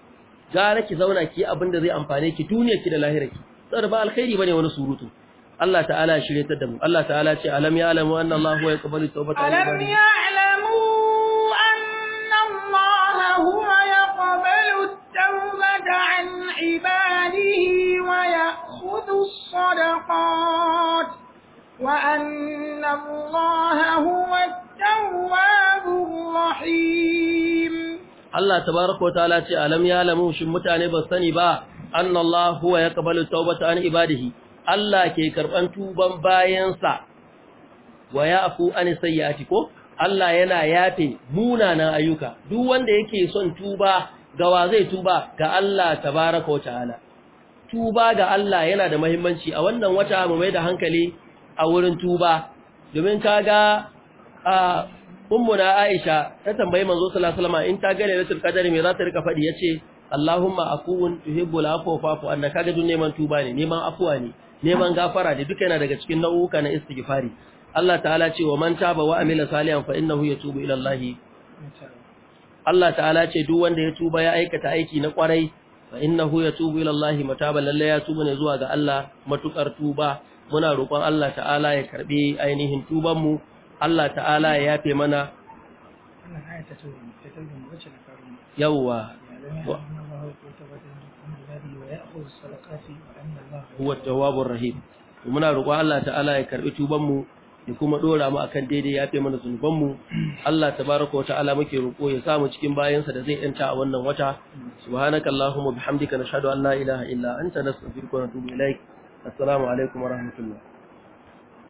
gara ki zauna ki abin da zai amfane ki duniya ki da lahira ki saboda ba alkhairi bane wani surutu Allah ta'ala ya shirye ta da mu Allah ta'ala ce alam alamu. anna Allah huwa yaqbalu tawbata alam anna Allah huwa yaqbalu tawbata an ibadihi wa ya'khudhu sadaqat wa anna Allah huwa at-tawwabur rahim Allah tabaaraka ta'ala ce alam ya'lamu shin mutane ba sani ba annallahu huwa yaqbalu tawbata an ibadihi Allah ke karɓan tuban bayansa wa ya'fu an sayyi'ati ko Allah yana yafe munanan ayyuka duk wanda yake son tuba gawa zai tuba ga Allah tabaaraka wata ta'ala tuba ga Allah yana da muhimmanci a wannan wata mu mai da hankali a wurin tuba domin kaga a ummuna Aisha ta tambayi manzo sallallahu alaihi wasallam in ta ga lailatul qadari me za ta rika fadi yace Allahumma afuwun tuhibbul afwa fa'fu anna kaga dun neman tuba ne neman afuwa ne neman gafara ne. duka yana daga cikin nau'uka na istighfari Allah ta'ala ce wa man taba wa amila salihan fa innahu yatubu ila Allah Allah ta'ala ce duk wanda ya tuba ya aikata aiki na kwarai fa innahu yatubu ila Allah mataba lalle ya tuba ne zuwa ga Allah matukar tuba muna roƙon Allah ta'ala ya karbi ainihin tuban mu Allah ta'ala ya yafe mana yawwa يقبل الصدقات وأن الله هو التواب الرحيم ومن رقوا الله ya kuma dora mu akan daidai ya fi zunuban zunubanmu Allah tabaraka wa ta'ala muke roƙo ya samu cikin bayansa da zai yanta a wannan wata subhanaka bihamdika nashhadu an la ilaha illa anta nastaghfiruka wa natubu ilaik assalamu alaikum wa rahmatullah